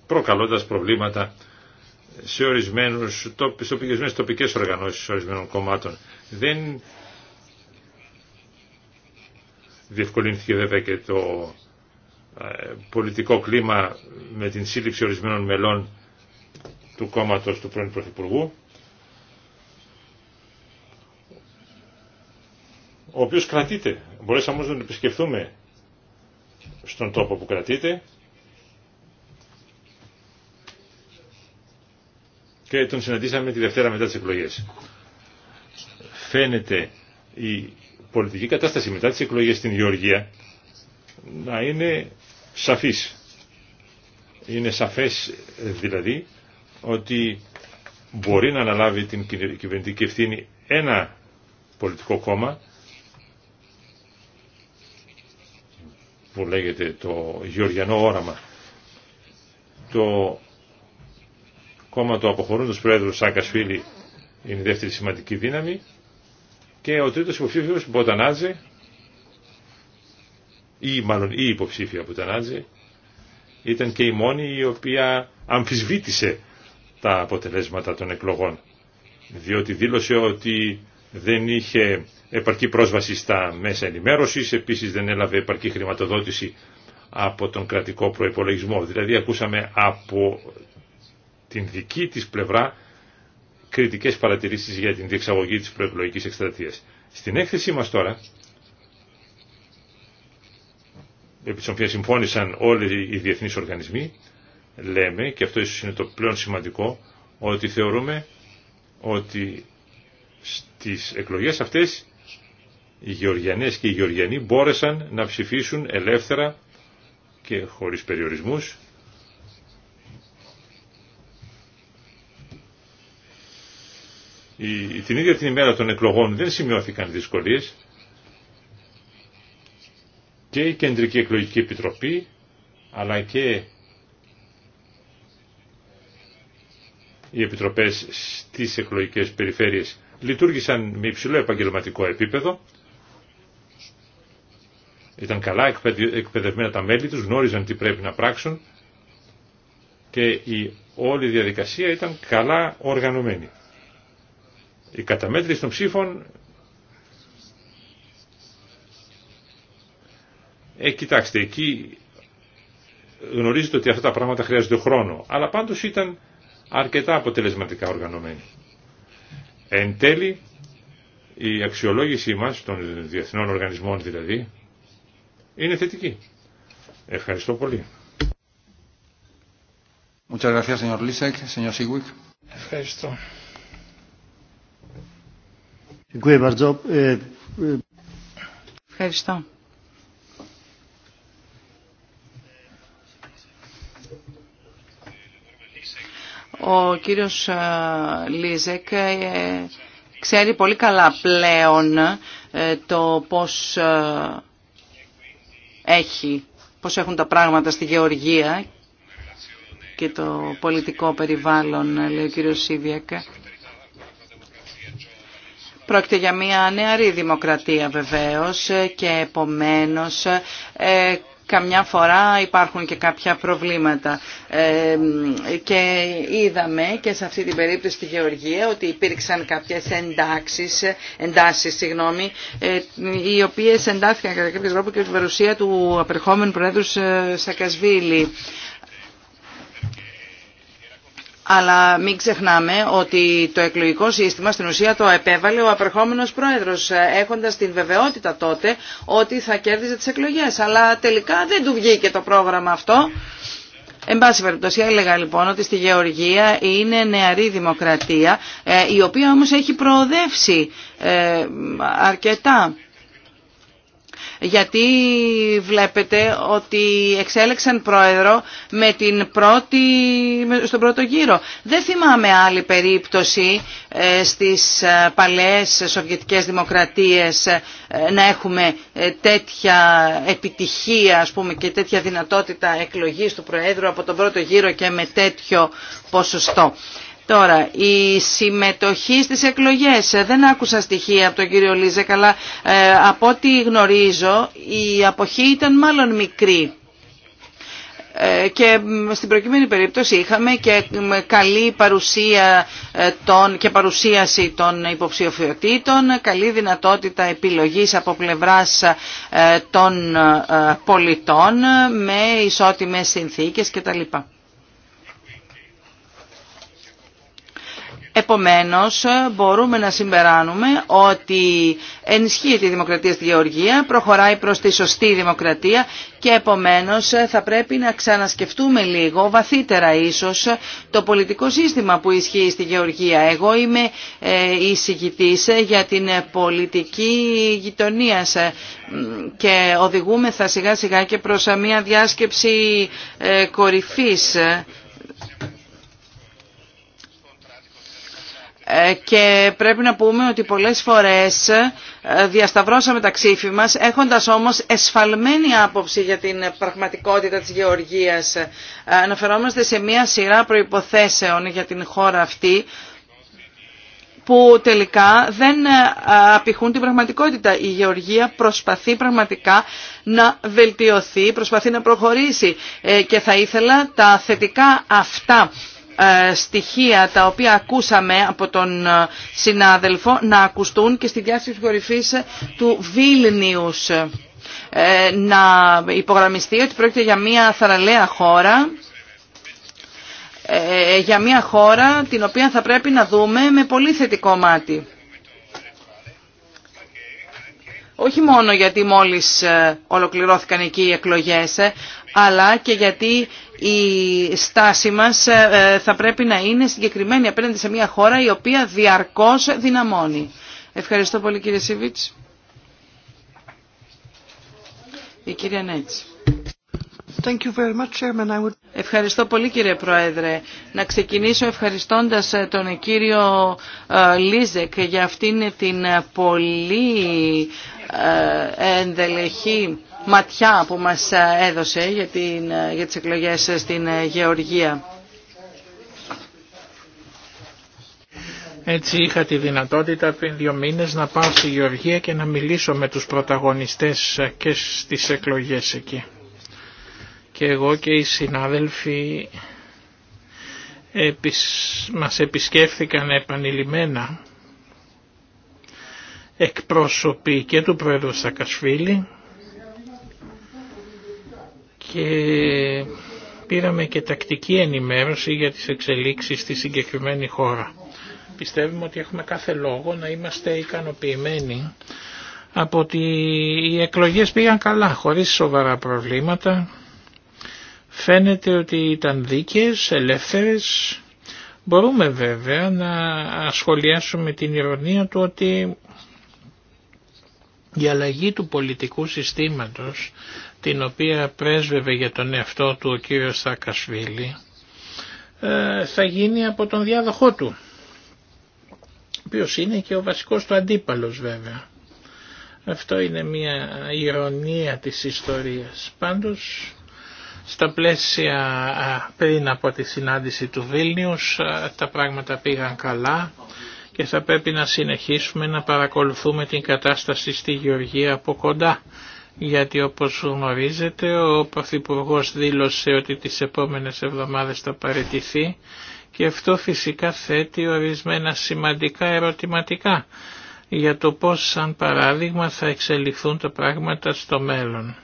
προκαλώντας προβλήματα σε ορισμένους, σε ορισμένες τοπικές οργανώσεις ορισμένων κομμάτων. Δεν διευκολύνθηκε βέβαια και το ε, πολιτικό κλίμα με την σύλληψη ορισμένων μελών του κόμματος του πρώην Πρωθυπουργού ο οποίος κρατείται. Μπορέσαμε όμως να τον επισκεφθούμε στον τόπο που κρατείται και τον συναντήσαμε τη Δευτέρα μετά τις εκλογές. Φαίνεται η πολιτική κατάσταση μετά τις εκλογές στην Γεωργία να είναι σαφής. Είναι σαφές δηλαδή ότι μπορεί να αναλάβει την κυβερνητική ευθύνη ένα πολιτικό κόμμα που λέγεται το Γεωργιανό Όραμα. Το κόμμα του αποχωρούντος πρόεδρου Σάκασφίλη είναι η δεύτερη σημαντική δύναμη και ο τρίτος υποψήφιος Μποτανάτζε ή μάλλον η υποψήφια Μποτανάτζε ήταν και η μόνη η οποία αμφισβήτησε τα αποτελέσματα των εκλογών διότι δήλωσε ότι δεν είχε επαρκή πρόσβαση στα μέσα ενημέρωσης, επίσης δεν έλαβε επαρκή χρηματοδότηση από τον κρατικό προϋπολογισμό. Δηλαδή ακούσαμε από την δική της πλευρά κριτικές παρατηρήσεις για την διεξαγωγή της προεκλογικής εκστρατείας. Στην έκθεσή μας τώρα, επί της οποίας συμφώνησαν όλοι οι διεθνείς οργανισμοί, λέμε, και αυτό ίσως είναι το πλέον σημαντικό, ότι θεωρούμε ότι στις εκλογές αυτές οι Γεωργιανές και οι Γεωργιανοί μπόρεσαν να ψηφίσουν ελεύθερα και χωρίς περιορισμούς η, την ίδια την ημέρα των εκλογών δεν σημειώθηκαν δυσκολίες και η Κεντρική Εκλογική Επιτροπή αλλά και οι επιτροπές στις εκλογικές περιφέρειες λειτουργήσαν με υψηλό επαγγελματικό επίπεδο. Ήταν καλά εκπαιδευμένα τα μέλη τους, γνώριζαν τι πρέπει να πράξουν και η όλη διαδικασία ήταν καλά οργανωμένη. Η καταμέτρηση των ψήφων... Ε, κοιτάξτε, εκεί γνωρίζετε ότι αυτά τα πράγματα χρειάζονται χρόνο, αλλά πάντως ήταν αρκετά αποτελεσματικά οργανωμένοι. Εν τέλει, η αξιολόγησή μας, των διεθνών οργανισμών δηλαδή, είναι θετική. Ευχαριστώ πολύ. Muchas gracias, señor Lisek. Señor Sigwick. Ευχαριστώ. E, e. Ευχαριστώ. Ο κύριος ε, Λίζεκ ε, ξέρει πολύ καλά πλέον ε, το πώς έχει, πώς έχουν τα πράγματα στη Γεωργία και το πολιτικό περιβάλλον, λέει ο κύριος Σίβιακ. Πρόκειται για μια νεαρή δημοκρατία βεβαίως και επομένως ε, καμιά φορά υπάρχουν και κάποια προβλήματα. Ε, και είδαμε και σε αυτή την περίπτωση στη Γεωργία ότι υπήρξαν κάποιες εντάξεις, εντάσεις, συγγνώμη, ε, οι οποίες εντάθηκαν κατά κάποιο τρόπο και την παρουσία του απερχόμενου Πρόεδρου Σακασβίλη. Αλλά μην ξεχνάμε ότι το εκλογικό σύστημα στην ουσία το επέβαλε ο απερχόμενος πρόεδρος έχοντας την βεβαιότητα τότε ότι θα κέρδιζε τις εκλογές. Αλλά τελικά δεν του βγήκε το πρόγραμμα αυτό. Εν πάση περιπτώσει έλεγα λοιπόν ότι στη Γεωργία είναι νεαρή δημοκρατία ε, η οποία όμως έχει προοδεύσει ε, αρκετά γιατί βλέπετε ότι εξέλεξαν πρόεδρο με την πρώτη, στον πρώτο γύρο. Δεν θυμάμαι άλλη περίπτωση ε, στις ε, παλαιές σοβιετικές δημοκρατίες ε, να έχουμε τέτοια επιτυχία πούμε, και τέτοια δυνατότητα εκλογής του Προέδρου από τον πρώτο γύρο και με τέτοιο ποσοστό. Τώρα, η συμμετοχή στις εκλογές. Ε, δεν άκουσα στοιχεία από τον κύριο Λίζεκ, αλλά ε, από ό,τι γνωρίζω η αποχή ήταν μάλλον μικρή ε, και στην προκειμένη περίπτωση είχαμε και καλή παρουσία των, και παρουσίαση των υποψηφιωτήτων, καλή δυνατότητα επιλογής από πλευράς των πολιτών με ισότιμες συνθήκες κτλ. Επομένως μπορούμε να συμπεράνουμε ότι ενισχύεται η δημοκρατία στη Γεωργία, προχωράει προς τη σωστή δημοκρατία και επομένως θα πρέπει να ξανασκεφτούμε λίγο βαθύτερα ίσως το πολιτικό σύστημα που ισχύει στη Γεωργία. Εγώ είμαι ε, εισηγητής για την πολιτική γειτονία και οδηγούμε θα σιγά σιγά και προς μια διάσκεψη ε, κορυφής Ε, και πρέπει να πούμε ότι πολλές φορές ε, διασταυρώσαμε τα ξύφη μας έχοντας όμως εσφαλμένη άποψη για την πραγματικότητα της γεωργίας. Ε, αναφερόμαστε σε μία σειρά προϋποθέσεων για την χώρα αυτή που τελικά δεν απηχούν την πραγματικότητα. Η γεωργία προσπαθεί πραγματικά να βελτιωθεί, προσπαθεί να προχωρήσει και θα ήθελα τα θετικά αυτά ε, στοιχεία τα οποία ακούσαμε από τον ε, συνάδελφο να ακουστούν και στη της κορυφής του Βίλνιους. Ε, να υπογραμμιστεί ότι πρόκειται για μια θαραλέα χώρα για μια χώρα την οποία θα πρέπει να δούμε με πολύ θετικό μάτι. Όχι μόνο γιατί μόλις ολοκληρώθηκαν εκεί οι εκλογές, αλλά και γιατί η στάση μας ε, ε, θα πρέπει να είναι συγκεκριμένη απέναντι σε μια χώρα η οποία διαρκώς δυναμώνει. Ευχαριστώ πολύ κύριε Σίβιτς. Η κυρία Νέτς. very much, I would... Ευχαριστώ πολύ κύριε Πρόεδρε. Να ξεκινήσω ευχαριστώντας ε, τον κύριο Λίζεκ για αυτήν την πολύ ενδελεχή ματιά που μας έδωσε για, την, για τις εκλογές στην Γεωργία. Έτσι είχα τη δυνατότητα πριν δύο μήνες να πάω στη Γεωργία και να μιλήσω με τους πρωταγωνιστές και στις εκλογές εκεί. Και εγώ και οι συνάδελφοι μας επισκέφθηκαν επανειλημμένα εκπρόσωποι και του Πρόεδρου Σακασφίλη και πήραμε και τακτική ενημέρωση για τις εξελίξεις στη συγκεκριμένη χώρα. Πιστεύουμε ότι έχουμε κάθε λόγο να είμαστε ικανοποιημένοι από ότι οι εκλογές πήγαν καλά, χωρίς σοβαρά προβλήματα. Φαίνεται ότι ήταν δίκαιες, ελεύθερες. Μπορούμε βέβαια να ασχολιάσουμε την ηρωνία του ότι η αλλαγή του πολιτικού συστήματος την οποία πρέσβευε για τον εαυτό του ο κύριος Σάκασβίλη ε, θα γίνει από τον διάδοχό του, ο είναι και ο βασικός του αντίπαλος βέβαια. Αυτό είναι μια ηρωνία της ιστορίας. Πάντως, στα πλαίσια πριν από τη συνάντηση του Βίλνιους, τα πράγματα πήγαν καλά και θα πρέπει να συνεχίσουμε να παρακολουθούμε την κατάσταση στη Γεωργία από κοντά γιατί όπως γνωρίζετε ο Πρωθυπουργό δήλωσε ότι τις επόμενες εβδομάδες θα παραιτηθεί και αυτό φυσικά θέτει ορισμένα σημαντικά ερωτηματικά για το πώς σαν παράδειγμα θα εξελιχθούν τα πράγματα στο μέλλον.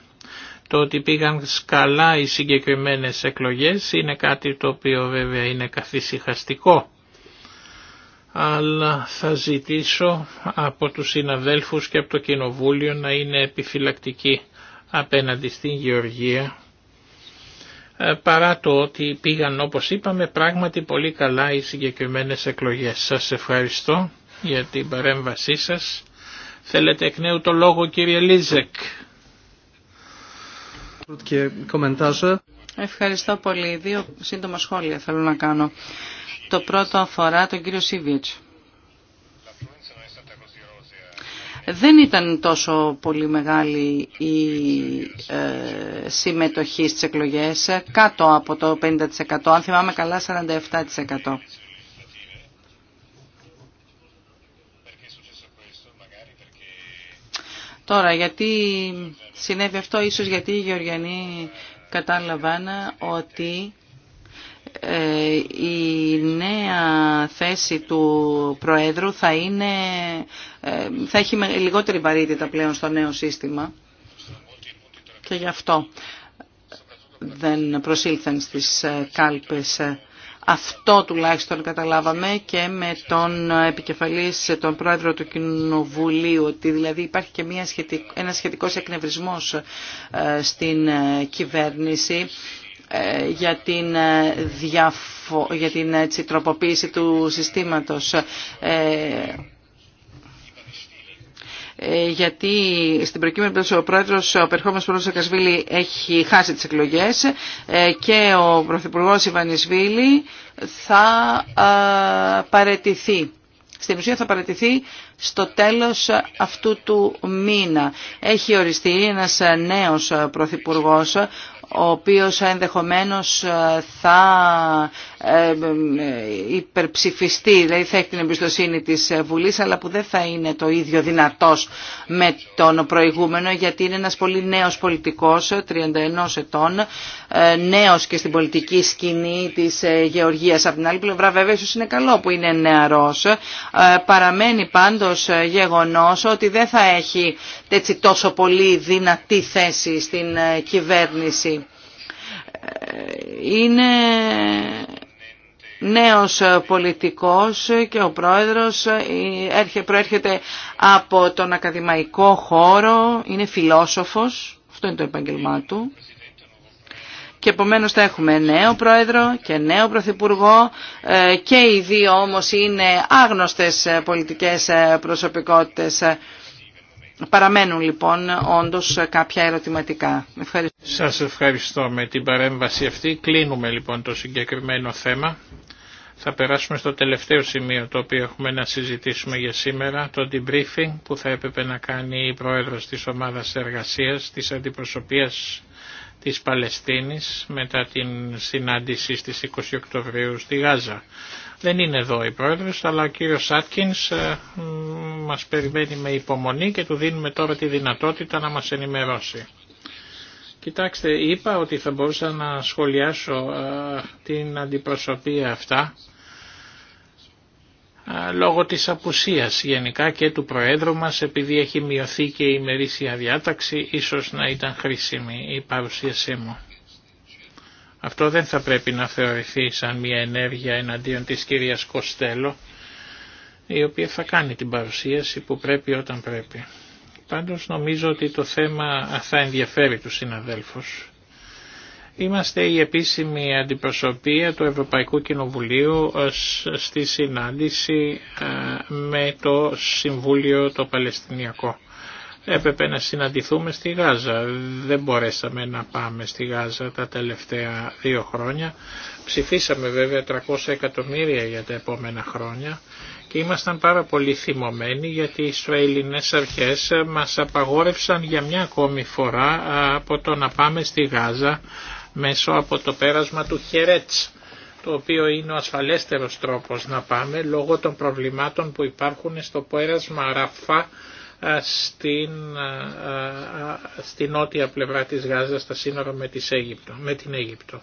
Το ότι πήγαν σκαλά οι συγκεκριμένες εκλογές είναι κάτι το οποίο βέβαια είναι καθυσυχαστικό αλλά θα ζητήσω από τους συναδέλφους και από το Κοινοβούλιο να είναι επιφυλακτικοί απέναντι στην Γεωργία ε, παρά το ότι πήγαν όπως είπαμε πράγματι πολύ καλά οι συγκεκριμένες εκλογές. Σας ευχαριστώ για την παρέμβασή σας. Θέλετε εκ νέου το λόγο κύριε Λίζεκ. Ευχαριστώ πολύ. Δύο σύντομα σχόλια θέλω να κάνω. Το πρώτο αφορά τον κύριο Σίβιτς. Δεν ήταν τόσο πολύ μεγάλη η ε, συμμετοχή στις εκλογές, κάτω από το 50%, αν θυμάμαι καλά 47%. Τώρα, γιατί συνέβη αυτό, ίσως γιατί οι Γεωργιανοί κατάλαβαν ότι ε, η νέα θέση του Προέδρου θα, είναι, ε, θα έχει λιγότερη βαρύτητα πλέον στο νέο σύστημα και γι' αυτό δεν προσήλθαν στις κάλπες αυτό τουλάχιστον καταλάβαμε και με τον επικεφαλής, τον πρόεδρο του Κοινοβουλίου, ότι δηλαδή υπάρχει και μια ένα σχετικός εκνευρισμός ε, στην ε, κυβέρνηση ε, για την, διαφο... για την έτσι, τροποποίηση του συστήματος. Ε, γιατί στην προκειμένη περίπτωση ο πρόεδρος, ο περχόμενος πρόεδρος Σακασβίλη έχει χάσει τις εκλογές ε, και ο πρωθυπουργός Ιβανισβίλη θα ε, παρετηθεί. Στην ουσία θα παρατηθεί στο τέλος αυτού του μήνα. Έχει οριστεί ένας νέος πρωθυπουργός, ο οποίος ενδεχομένως ε, θα ε, ε, υπερψηφιστεί, δηλαδή θα έχει την εμπιστοσύνη της Βουλής, αλλά που δεν θα είναι το ίδιο δυνατός με τον προηγούμενο, γιατί είναι ένας πολύ νέος πολιτικός, 31 ετών, νέος και στην πολιτική σκηνή της Γεωργίας. Από την άλλη πλευρά βέβαια ίσως είναι καλό που είναι νεαρός. Παραμένει πάντως γεγονός ότι δεν θα έχει τόσο πολύ δυνατή θέση στην κυβέρνηση είναι νέος πολιτικός και ο πρόεδρος ε, προέρχεται από τον ακαδημαϊκό χώρο, είναι φιλόσοφος, αυτό είναι το επαγγελμά του. Και επομένω θα έχουμε νέο πρόεδρο και νέο πρωθυπουργό ε, και οι δύο όμως είναι άγνωστες πολιτικές ε, προσωπικότητες. Παραμένουν λοιπόν όντως κάποια ερωτηματικά. Ευχαριστώ. Σας ευχαριστώ με την παρέμβαση αυτή. Κλείνουμε λοιπόν το συγκεκριμένο θέμα. Θα περάσουμε στο τελευταίο σημείο το οποίο έχουμε να συζητήσουμε για σήμερα, το debriefing που θα έπρεπε να κάνει η Πρόεδρος της Ομάδας Εργασίας της Αντιπροσωπείας της Παλαιστίνης μετά την συνάντησή στις 20 Οκτωβρίου στη Γάζα. Δεν είναι εδώ η πρόεδρος, αλλά ο κύριος Σάτκινς ε, μας περιμένει με υπομονή και του δίνουμε τώρα τη δυνατότητα να μας ενημερώσει. Κοιτάξτε, είπα ότι θα μπορούσα να σχολιάσω ε, την αντιπροσωπεία αυτά ε, λόγω της απουσίας γενικά και του Προέδρου μας επειδή έχει μειωθεί και η ημερήσια διάταξη ίσως να ήταν χρήσιμη η παρουσίασή μου. Αυτό δεν θα πρέπει να θεωρηθεί σαν μια ενέργεια εναντίον της κυρίας Κοστέλο, η οποία θα κάνει την παρουσίαση που πρέπει όταν πρέπει. Πάντως νομίζω ότι το θέμα θα ενδιαφέρει τους συναδέλφους. Είμαστε η επίσημη αντιπροσωπεία του Ευρωπαϊκού Κοινοβουλίου ε, στη συνάντηση ε, με το Συμβούλιο το Παλαιστινιακό έπρεπε να συναντηθούμε στη Γάζα. Δεν μπορέσαμε να πάμε στη Γάζα τα τελευταία δύο χρόνια. Ψηφίσαμε βέβαια 300 εκατομμύρια για τα επόμενα χρόνια και ήμασταν πάρα πολύ θυμωμένοι γιατί οι Ισραηλινές αρχές μας απαγόρευσαν για μια ακόμη φορά από το να πάμε στη Γάζα μέσω από το πέρασμα του Χερέτς το οποίο είναι ο ασφαλέστερος τρόπος να πάμε λόγω των προβλημάτων που υπάρχουν στο πέρασμα Ραφά στην, στην νότια πλευρά της Γάζας, στα σύνορα με, της Αίγυπτο, την Αίγυπτο.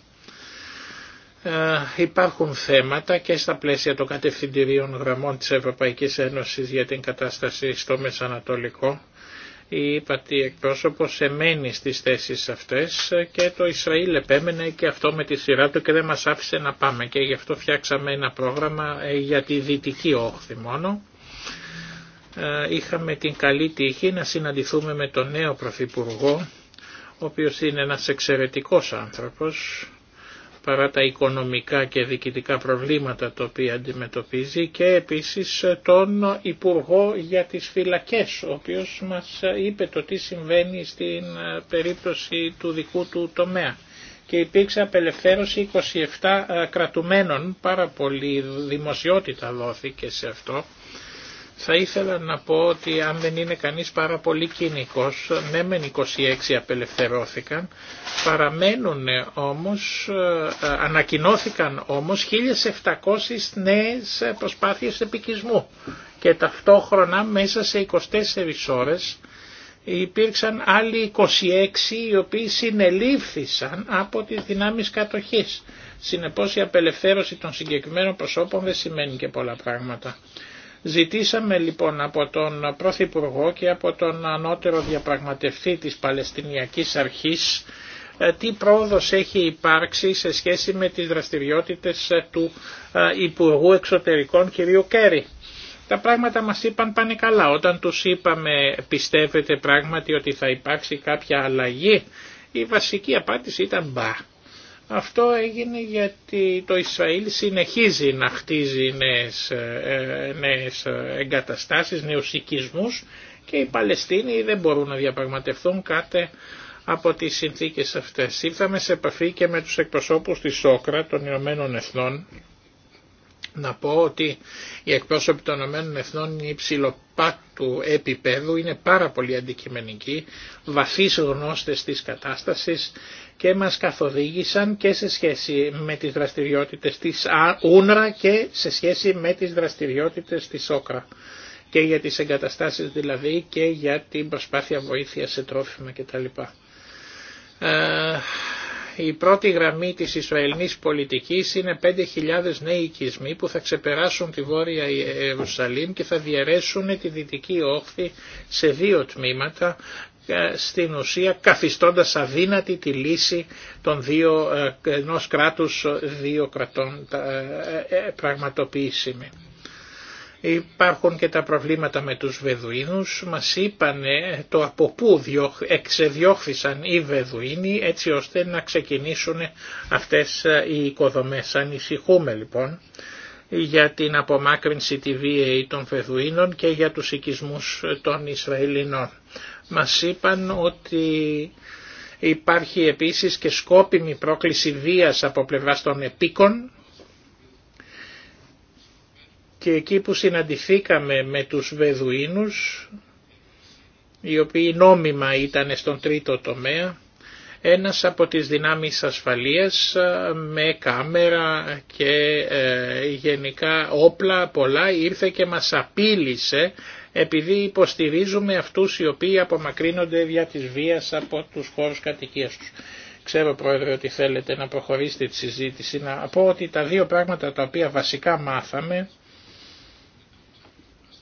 Ε, υπάρχουν θέματα και στα πλαίσια των κατευθυντηρίων γραμμών της Ευρωπαϊκής Ένωσης για την κατάσταση στο Μεσανατολικό. Η ΥΠΑΤΗ εκπρόσωπο εμένει στις θέσεις αυτές και το Ισραήλ επέμενε και αυτό με τη σειρά του και δεν μας άφησε να πάμε και γι' αυτό φτιάξαμε ένα πρόγραμμα ε, για τη δυτική όχθη μόνο ε, είχαμε την καλή τύχη να συναντηθούμε με τον νέο Πρωθυπουργό, ο οποίος είναι ένας εξαιρετικός άνθρωπος, παρά τα οικονομικά και διοικητικά προβλήματα τα οποία αντιμετωπίζει και επίσης τον Υπουργό για τις φυλακές, ο οποίος μας είπε το τι συμβαίνει στην ε, περίπτωση του δικού του τομέα. Και υπήρξε απελευθέρωση 27 ε, κρατουμένων, πάρα πολύ δημοσιότητα δόθηκε σε αυτό θα ήθελα να πω ότι αν δεν είναι κανείς πάρα πολύ κοινικός, ναι μεν 26 απελευθερώθηκαν, παραμένουν όμως, ε, ε, ανακοινώθηκαν όμως 1.700 νέες προσπάθειες επικισμού και ταυτόχρονα μέσα σε 24 ώρες υπήρξαν άλλοι 26 οι οποίοι συνελήφθησαν από τις δυνάμεις κατοχής. Συνεπώς η απελευθέρωση των συγκεκριμένων προσώπων δεν σημαίνει και πολλά πράγματα. Ζητήσαμε λοιπόν από τον Πρωθυπουργό και από τον ανώτερο διαπραγματευτή της Παλαιστινιακής Αρχής ε, τι πρόοδος έχει υπάρξει σε σχέση με τις δραστηριότητες ε, του ε, Υπουργού Εξωτερικών κ. Κέρι. Τα πράγματα μας είπαν πάνε καλά. Όταν τους είπαμε πιστεύετε πράγματι ότι θα υπάρξει κάποια αλλαγή, η βασική απάντηση ήταν μπα. Αυτό έγινε γιατί το Ισραήλ συνεχίζει να χτίζει νέες, ε, ε, νέες εγκαταστάσεις, νέους οικισμούς και οι Παλαιστίνοι δεν μπορούν να διαπραγματευτούν κάτι από τις συνθήκες αυτές. Ήρθαμε σε επαφή και με τους εκπροσώπους της Σόκρα των Ηνωμένων Εθνών να πω ότι οι εκπρόσωποι των ΗΕ υψηλοπάτου επίπεδου είναι πάρα πολύ αντικειμενικοί, βαθείς γνώστες της κατάστασης και μας καθοδήγησαν και σε σχέση με τις δραστηριότητες της Ούνρα και σε σχέση με τις δραστηριότητες της Όκρα και για τις εγκαταστάσεις δηλαδή και για την προσπάθεια βοήθεια σε τρόφιμα κτλ. Ε, η πρώτη γραμμή της Ισραηλινής πολιτικής είναι 5.000 νέοι οικισμοί που θα ξεπεράσουν τη Βόρεια Ιερουσαλήμ και θα διαιρέσουν τη δυτική όχθη σε δύο τμήματα ε, στην ουσία καθιστώντας αδύνατη τη λύση των δύο, ε, ενός κράτους δύο κρατών ε, πραγματοποιήσιμη. Υπάρχουν και τα προβλήματα με τους Βεδουίνους, μας είπανε το από πού εξεδιώχθησαν οι Βεδουίνοι έτσι ώστε να ξεκινήσουν αυτές ε, οι οικοδομές. Ανησυχούμε λοιπόν για την απομάκρυνση τη βία των Βεδουίνων και για τους οικισμούς των Ισραηλινών. Μας είπαν ότι υπάρχει επίσης και σκόπιμη πρόκληση βίας από πλευράς των επίκων και εκεί που συναντηθήκαμε με τους Βεδουίνους, οι οποίοι νόμιμα ήταν στον τρίτο τομέα, ένας από τις δυνάμεις ασφαλείας με κάμερα και ε, γενικά όπλα πολλά ήρθε και μας απείλησε επειδή υποστηρίζουμε αυτούς οι οποίοι απομακρύνονται δια της βίας από τους χώρους κατοικίας τους. Ξέρω πρόεδρε ότι θέλετε να προχωρήσετε τη συζήτηση, να πω ότι τα δύο πράγματα τα οποία βασικά μάθαμε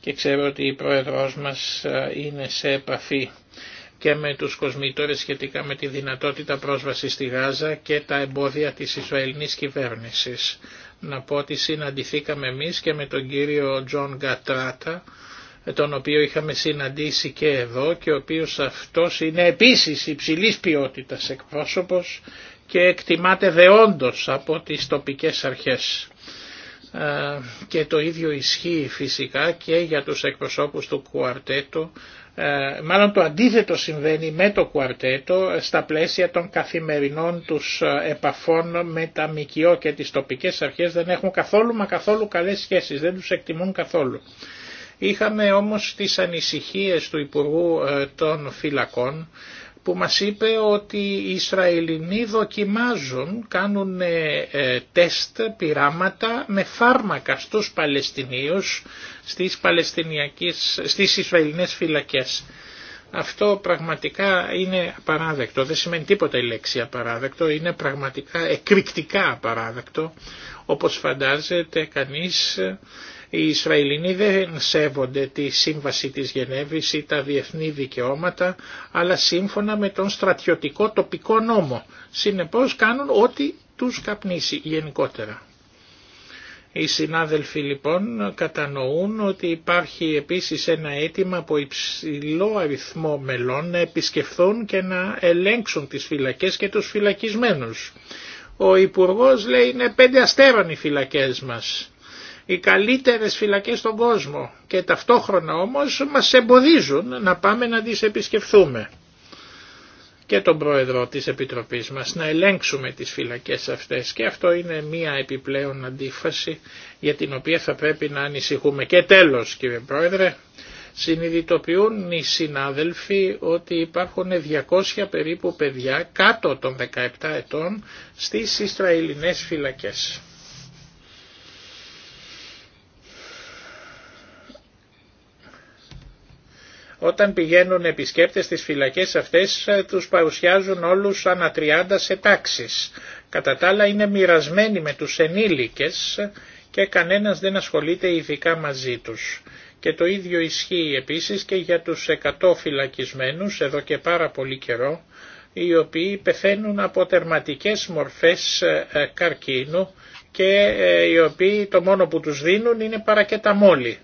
και ξέρω ότι η πρόεδρός μας ε, είναι σε επαφή και με τους κοσμήτωρες σχετικά με τη δυνατότητα πρόσβασης στη Γάζα και τα εμπόδια της Ισραηλινής κυβέρνησης. Να πω ότι συναντηθήκαμε εμείς και με τον κύριο Τζον Γκατράτα, τον οποίο είχαμε συναντήσει και εδώ και ο οποίος αυτός είναι επίσης υψηλής ποιότητας εκπρόσωπος και εκτιμάται δεόντως από τις τοπικές αρχές. Ε, και το ίδιο ισχύει φυσικά και για τους εκπροσώπους του κουαρτέτου, ε, μάλλον το αντίθετο συμβαίνει με το κουαρτέτο στα πλαίσια των καθημερινών τους ε, επαφών με τα ΜΚΟ και τις τοπικές αρχές δεν έχουν καθόλου μα καθόλου καλές σχέσεις, δεν τους εκτιμούν καθόλου. Είχαμε όμως τις ανησυχίες του Υπουργού των Φυλακών που μας είπε ότι οι Ισραηλινοί δοκιμάζουν, κάνουν ε, ε, τεστ, πειράματα με φάρμακα στους Παλαιστινίους, στις, Παλαιστινιακές, στις Ισραηλινές φυλακές. Αυτό πραγματικά είναι απαράδεκτο, δεν σημαίνει τίποτα η λέξη απαράδεκτο, είναι πραγματικά εκρηκτικά απαράδεκτο. Όπως φαντάζεται κανείς οι Ισραηλινοί δεν σέβονται τη σύμβαση της Γενέβης ή τα διεθνή δικαιώματα, αλλά σύμφωνα με τον στρατιωτικό τοπικό νόμο. Συνεπώς κάνουν ό,τι τους καπνίσει γενικότερα. Οι συνάδελφοι λοιπόν κατανοούν ότι υπάρχει επίσης ένα αίτημα από υψηλό αριθμό μελών να επισκεφθούν και να ελέγξουν τις φυλακές και τους φυλακισμένους. Ο Υπουργός λέει είναι πέντε αστέρων οι φυλακές μας οι καλύτερες φυλακές στον κόσμο και ταυτόχρονα όμως μας εμποδίζουν να πάμε να τις επισκεφθούμε και τον πρόεδρο της Επιτροπής μας να ελέγξουμε τις φυλακές αυτές και αυτό είναι μία επιπλέον αντίφαση για την οποία θα πρέπει να ανησυχούμε. Και τέλος κύριε πρόεδρε, συνειδητοποιούν οι συνάδελφοι ότι υπάρχουν 200 περίπου παιδιά κάτω των 17 ετών στις Ισραηλινές φυλακές. Όταν πηγαίνουν επισκέπτες στις φυλακές αυτές ε, τους παρουσιάζουν όλους ανά 30 σε τάξεις. Κατά τα άλλα είναι μοιρασμένοι με τους ενήλικες και κανένας δεν ασχολείται ειδικά μαζί τους. Και το ίδιο ισχύει επίσης και για τους 100 φυλακισμένους εδώ και πάρα πολύ καιρό, οι οποίοι πεθαίνουν από τερματικές μορφές ε, ε, καρκίνου και οι οποίοι το μόνο που τους δίνουν είναι παρακεταμόλοι.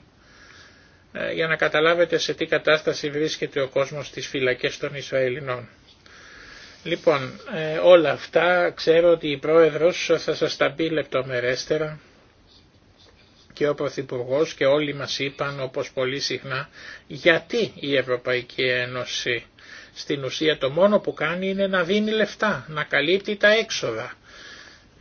Ε, για να καταλάβετε σε τι κατάσταση βρίσκεται ο κόσμος στις φυλακές των Ισραηλινών. Λοιπόν, ε, όλα αυτά ξέρω ότι η Πρόεδρος θα σας τα πει λεπτομερέστερα και ο Πρωθυπουργό και όλοι μας είπαν όπως πολύ συχνά γιατί η Ευρωπαϊκή Ένωση στην ουσία το μόνο που κάνει είναι να δίνει λεφτά, να καλύπτει τα έξοδα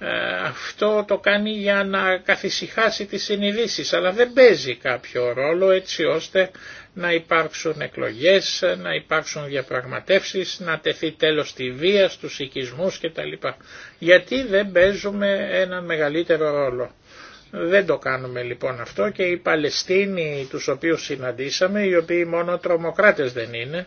ε, αυτό το κάνει για να καθησυχάσει τις συνειδήσεις, αλλά δεν παίζει κάποιο ρόλο έτσι ώστε να υπάρξουν εκλογές, να υπάρξουν διαπραγματεύσεις, να τεθεί τέλος στη βία, στους οικισμούς κτλ. Γιατί δεν παίζουμε έναν μεγαλύτερο ρόλο. Δεν το κάνουμε λοιπόν αυτό και οι Παλαιστίνοι τους οποίους συναντήσαμε, οι οποίοι μόνο τρομοκράτες δεν είναι,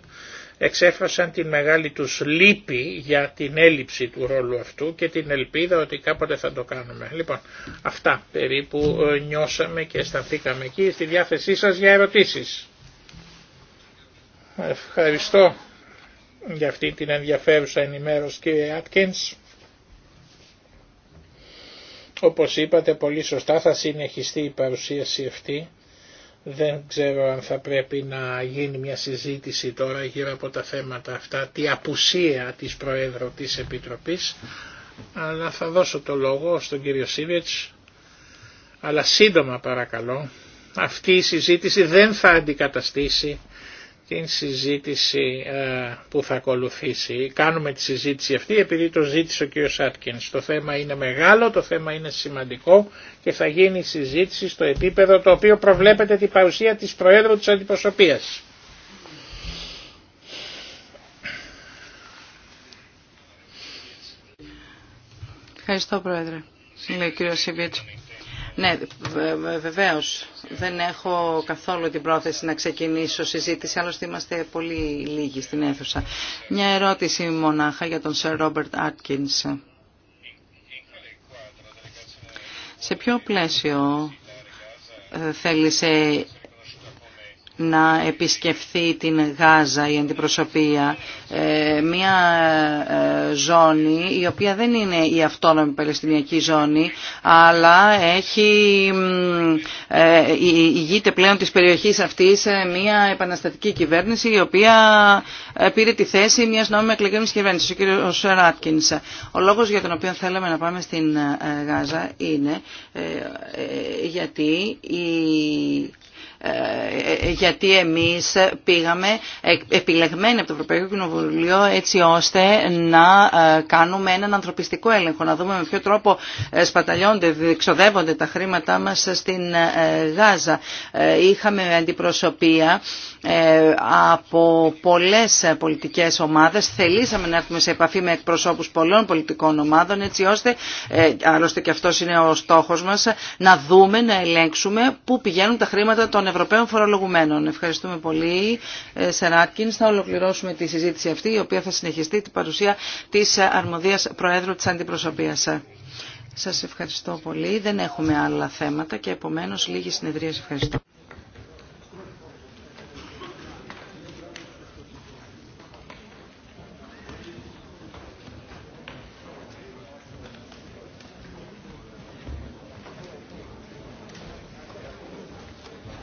εξέφρασαν την μεγάλη τους λύπη για την έλλειψη του ρόλου αυτού και την ελπίδα ότι κάποτε θα το κάνουμε. Λοιπόν, αυτά περίπου ε, νιώσαμε και αισθανθήκαμε εκεί στη διάθεσή σας για ερωτήσεις. Ευχαριστώ για αυτή την ενδιαφέρουσα ενημέρωση κύριε Άτκινς. Όπως είπατε πολύ σωστά θα συνεχιστεί η παρουσίαση αυτή δεν ξέρω αν θα πρέπει να γίνει μια συζήτηση τώρα γύρω από τα θέματα αυτά, τη απουσία της Προέδρου της Επιτροπής, αλλά θα δώσω το λόγο στον κύριο Σίβιτς, αλλά σύντομα παρακαλώ. Αυτή η συζήτηση δεν θα αντικαταστήσει την συζήτηση ε, που θα ακολουθήσει. Κάνουμε τη συζήτηση αυτή επειδή το ζήτησε ο κ. Σάτκινς. Το θέμα είναι μεγάλο, το θέμα είναι σημαντικό και θα γίνει συζήτηση στο επίπεδο το οποίο προβλέπεται την παρουσία της Προέδρου της Αντιπροσωπείας. Ευχαριστώ Πρόεδρε, λέει ο κ. Σιβίτσου. Ναι, βεβαίως. Δεν έχω καθόλου την πρόθεση να ξεκινήσω συζήτηση, άλλωστε είμαστε πολύ λίγοι στην αίθουσα. Μια ερώτηση μονάχα για τον Σερ Ρόμπερτ Άτκινς. Σε ποιο πλαίσιο ε, θέλησε να επισκεφθεί την Γάζα η αντιπροσωπεία, ε, μια ε, ζώνη η οποία δεν είναι η αυτόνομη Παλαιστινιακή ζώνη, αλλά έχει ε, ηγείται πλέον της περιοχής αυτής μια επαναστατική κυβέρνηση η οποία πήρε τη θέση μιας νόμιμη εκλεγμένης κυβέρνησης, ο κ. Ράτκινς. Ο λόγος για τον οποίο θέλαμε να πάμε στην Γάζα είναι γιατί η ε, ε, γιατί εμείς πήγαμε επιλεγμένοι από το Ευρωπαϊκό Κοινοβουλίο έτσι ώστε να ε, κάνουμε έναν ανθρωπιστικό έλεγχο, να δούμε με ποιο τρόπο σπαταλιώνται, διεξοδεύονται τα χρήματά μας στην Γάζα. Είχαμε αντιπροσωπεία ε, από πολλές πολιτικές ομάδες. Θελήσαμε να έρθουμε σε επαφή με εκπροσώπους πολλών πολιτικών ομάδων έτσι ώστε, ε, άλλωστε και αυτός είναι ο στόχος μας, να δούμε, να ελέγξουμε πού πηγαίνουν τα χρήματα των Ευρωπαίων φορολογουμένων. Ευχαριστούμε πολύ, ε, Σεράτκιν. Θα ολοκληρώσουμε τη συζήτηση αυτή, η οποία θα συνεχιστεί την παρουσία της αρμοδίας Προέδρου της Αντιπροσωπείας. Σας ευχαριστώ πολύ. Δεν έχουμε άλλα θέματα και επομένως λίγη συνεδρία. Ευχαριστώ.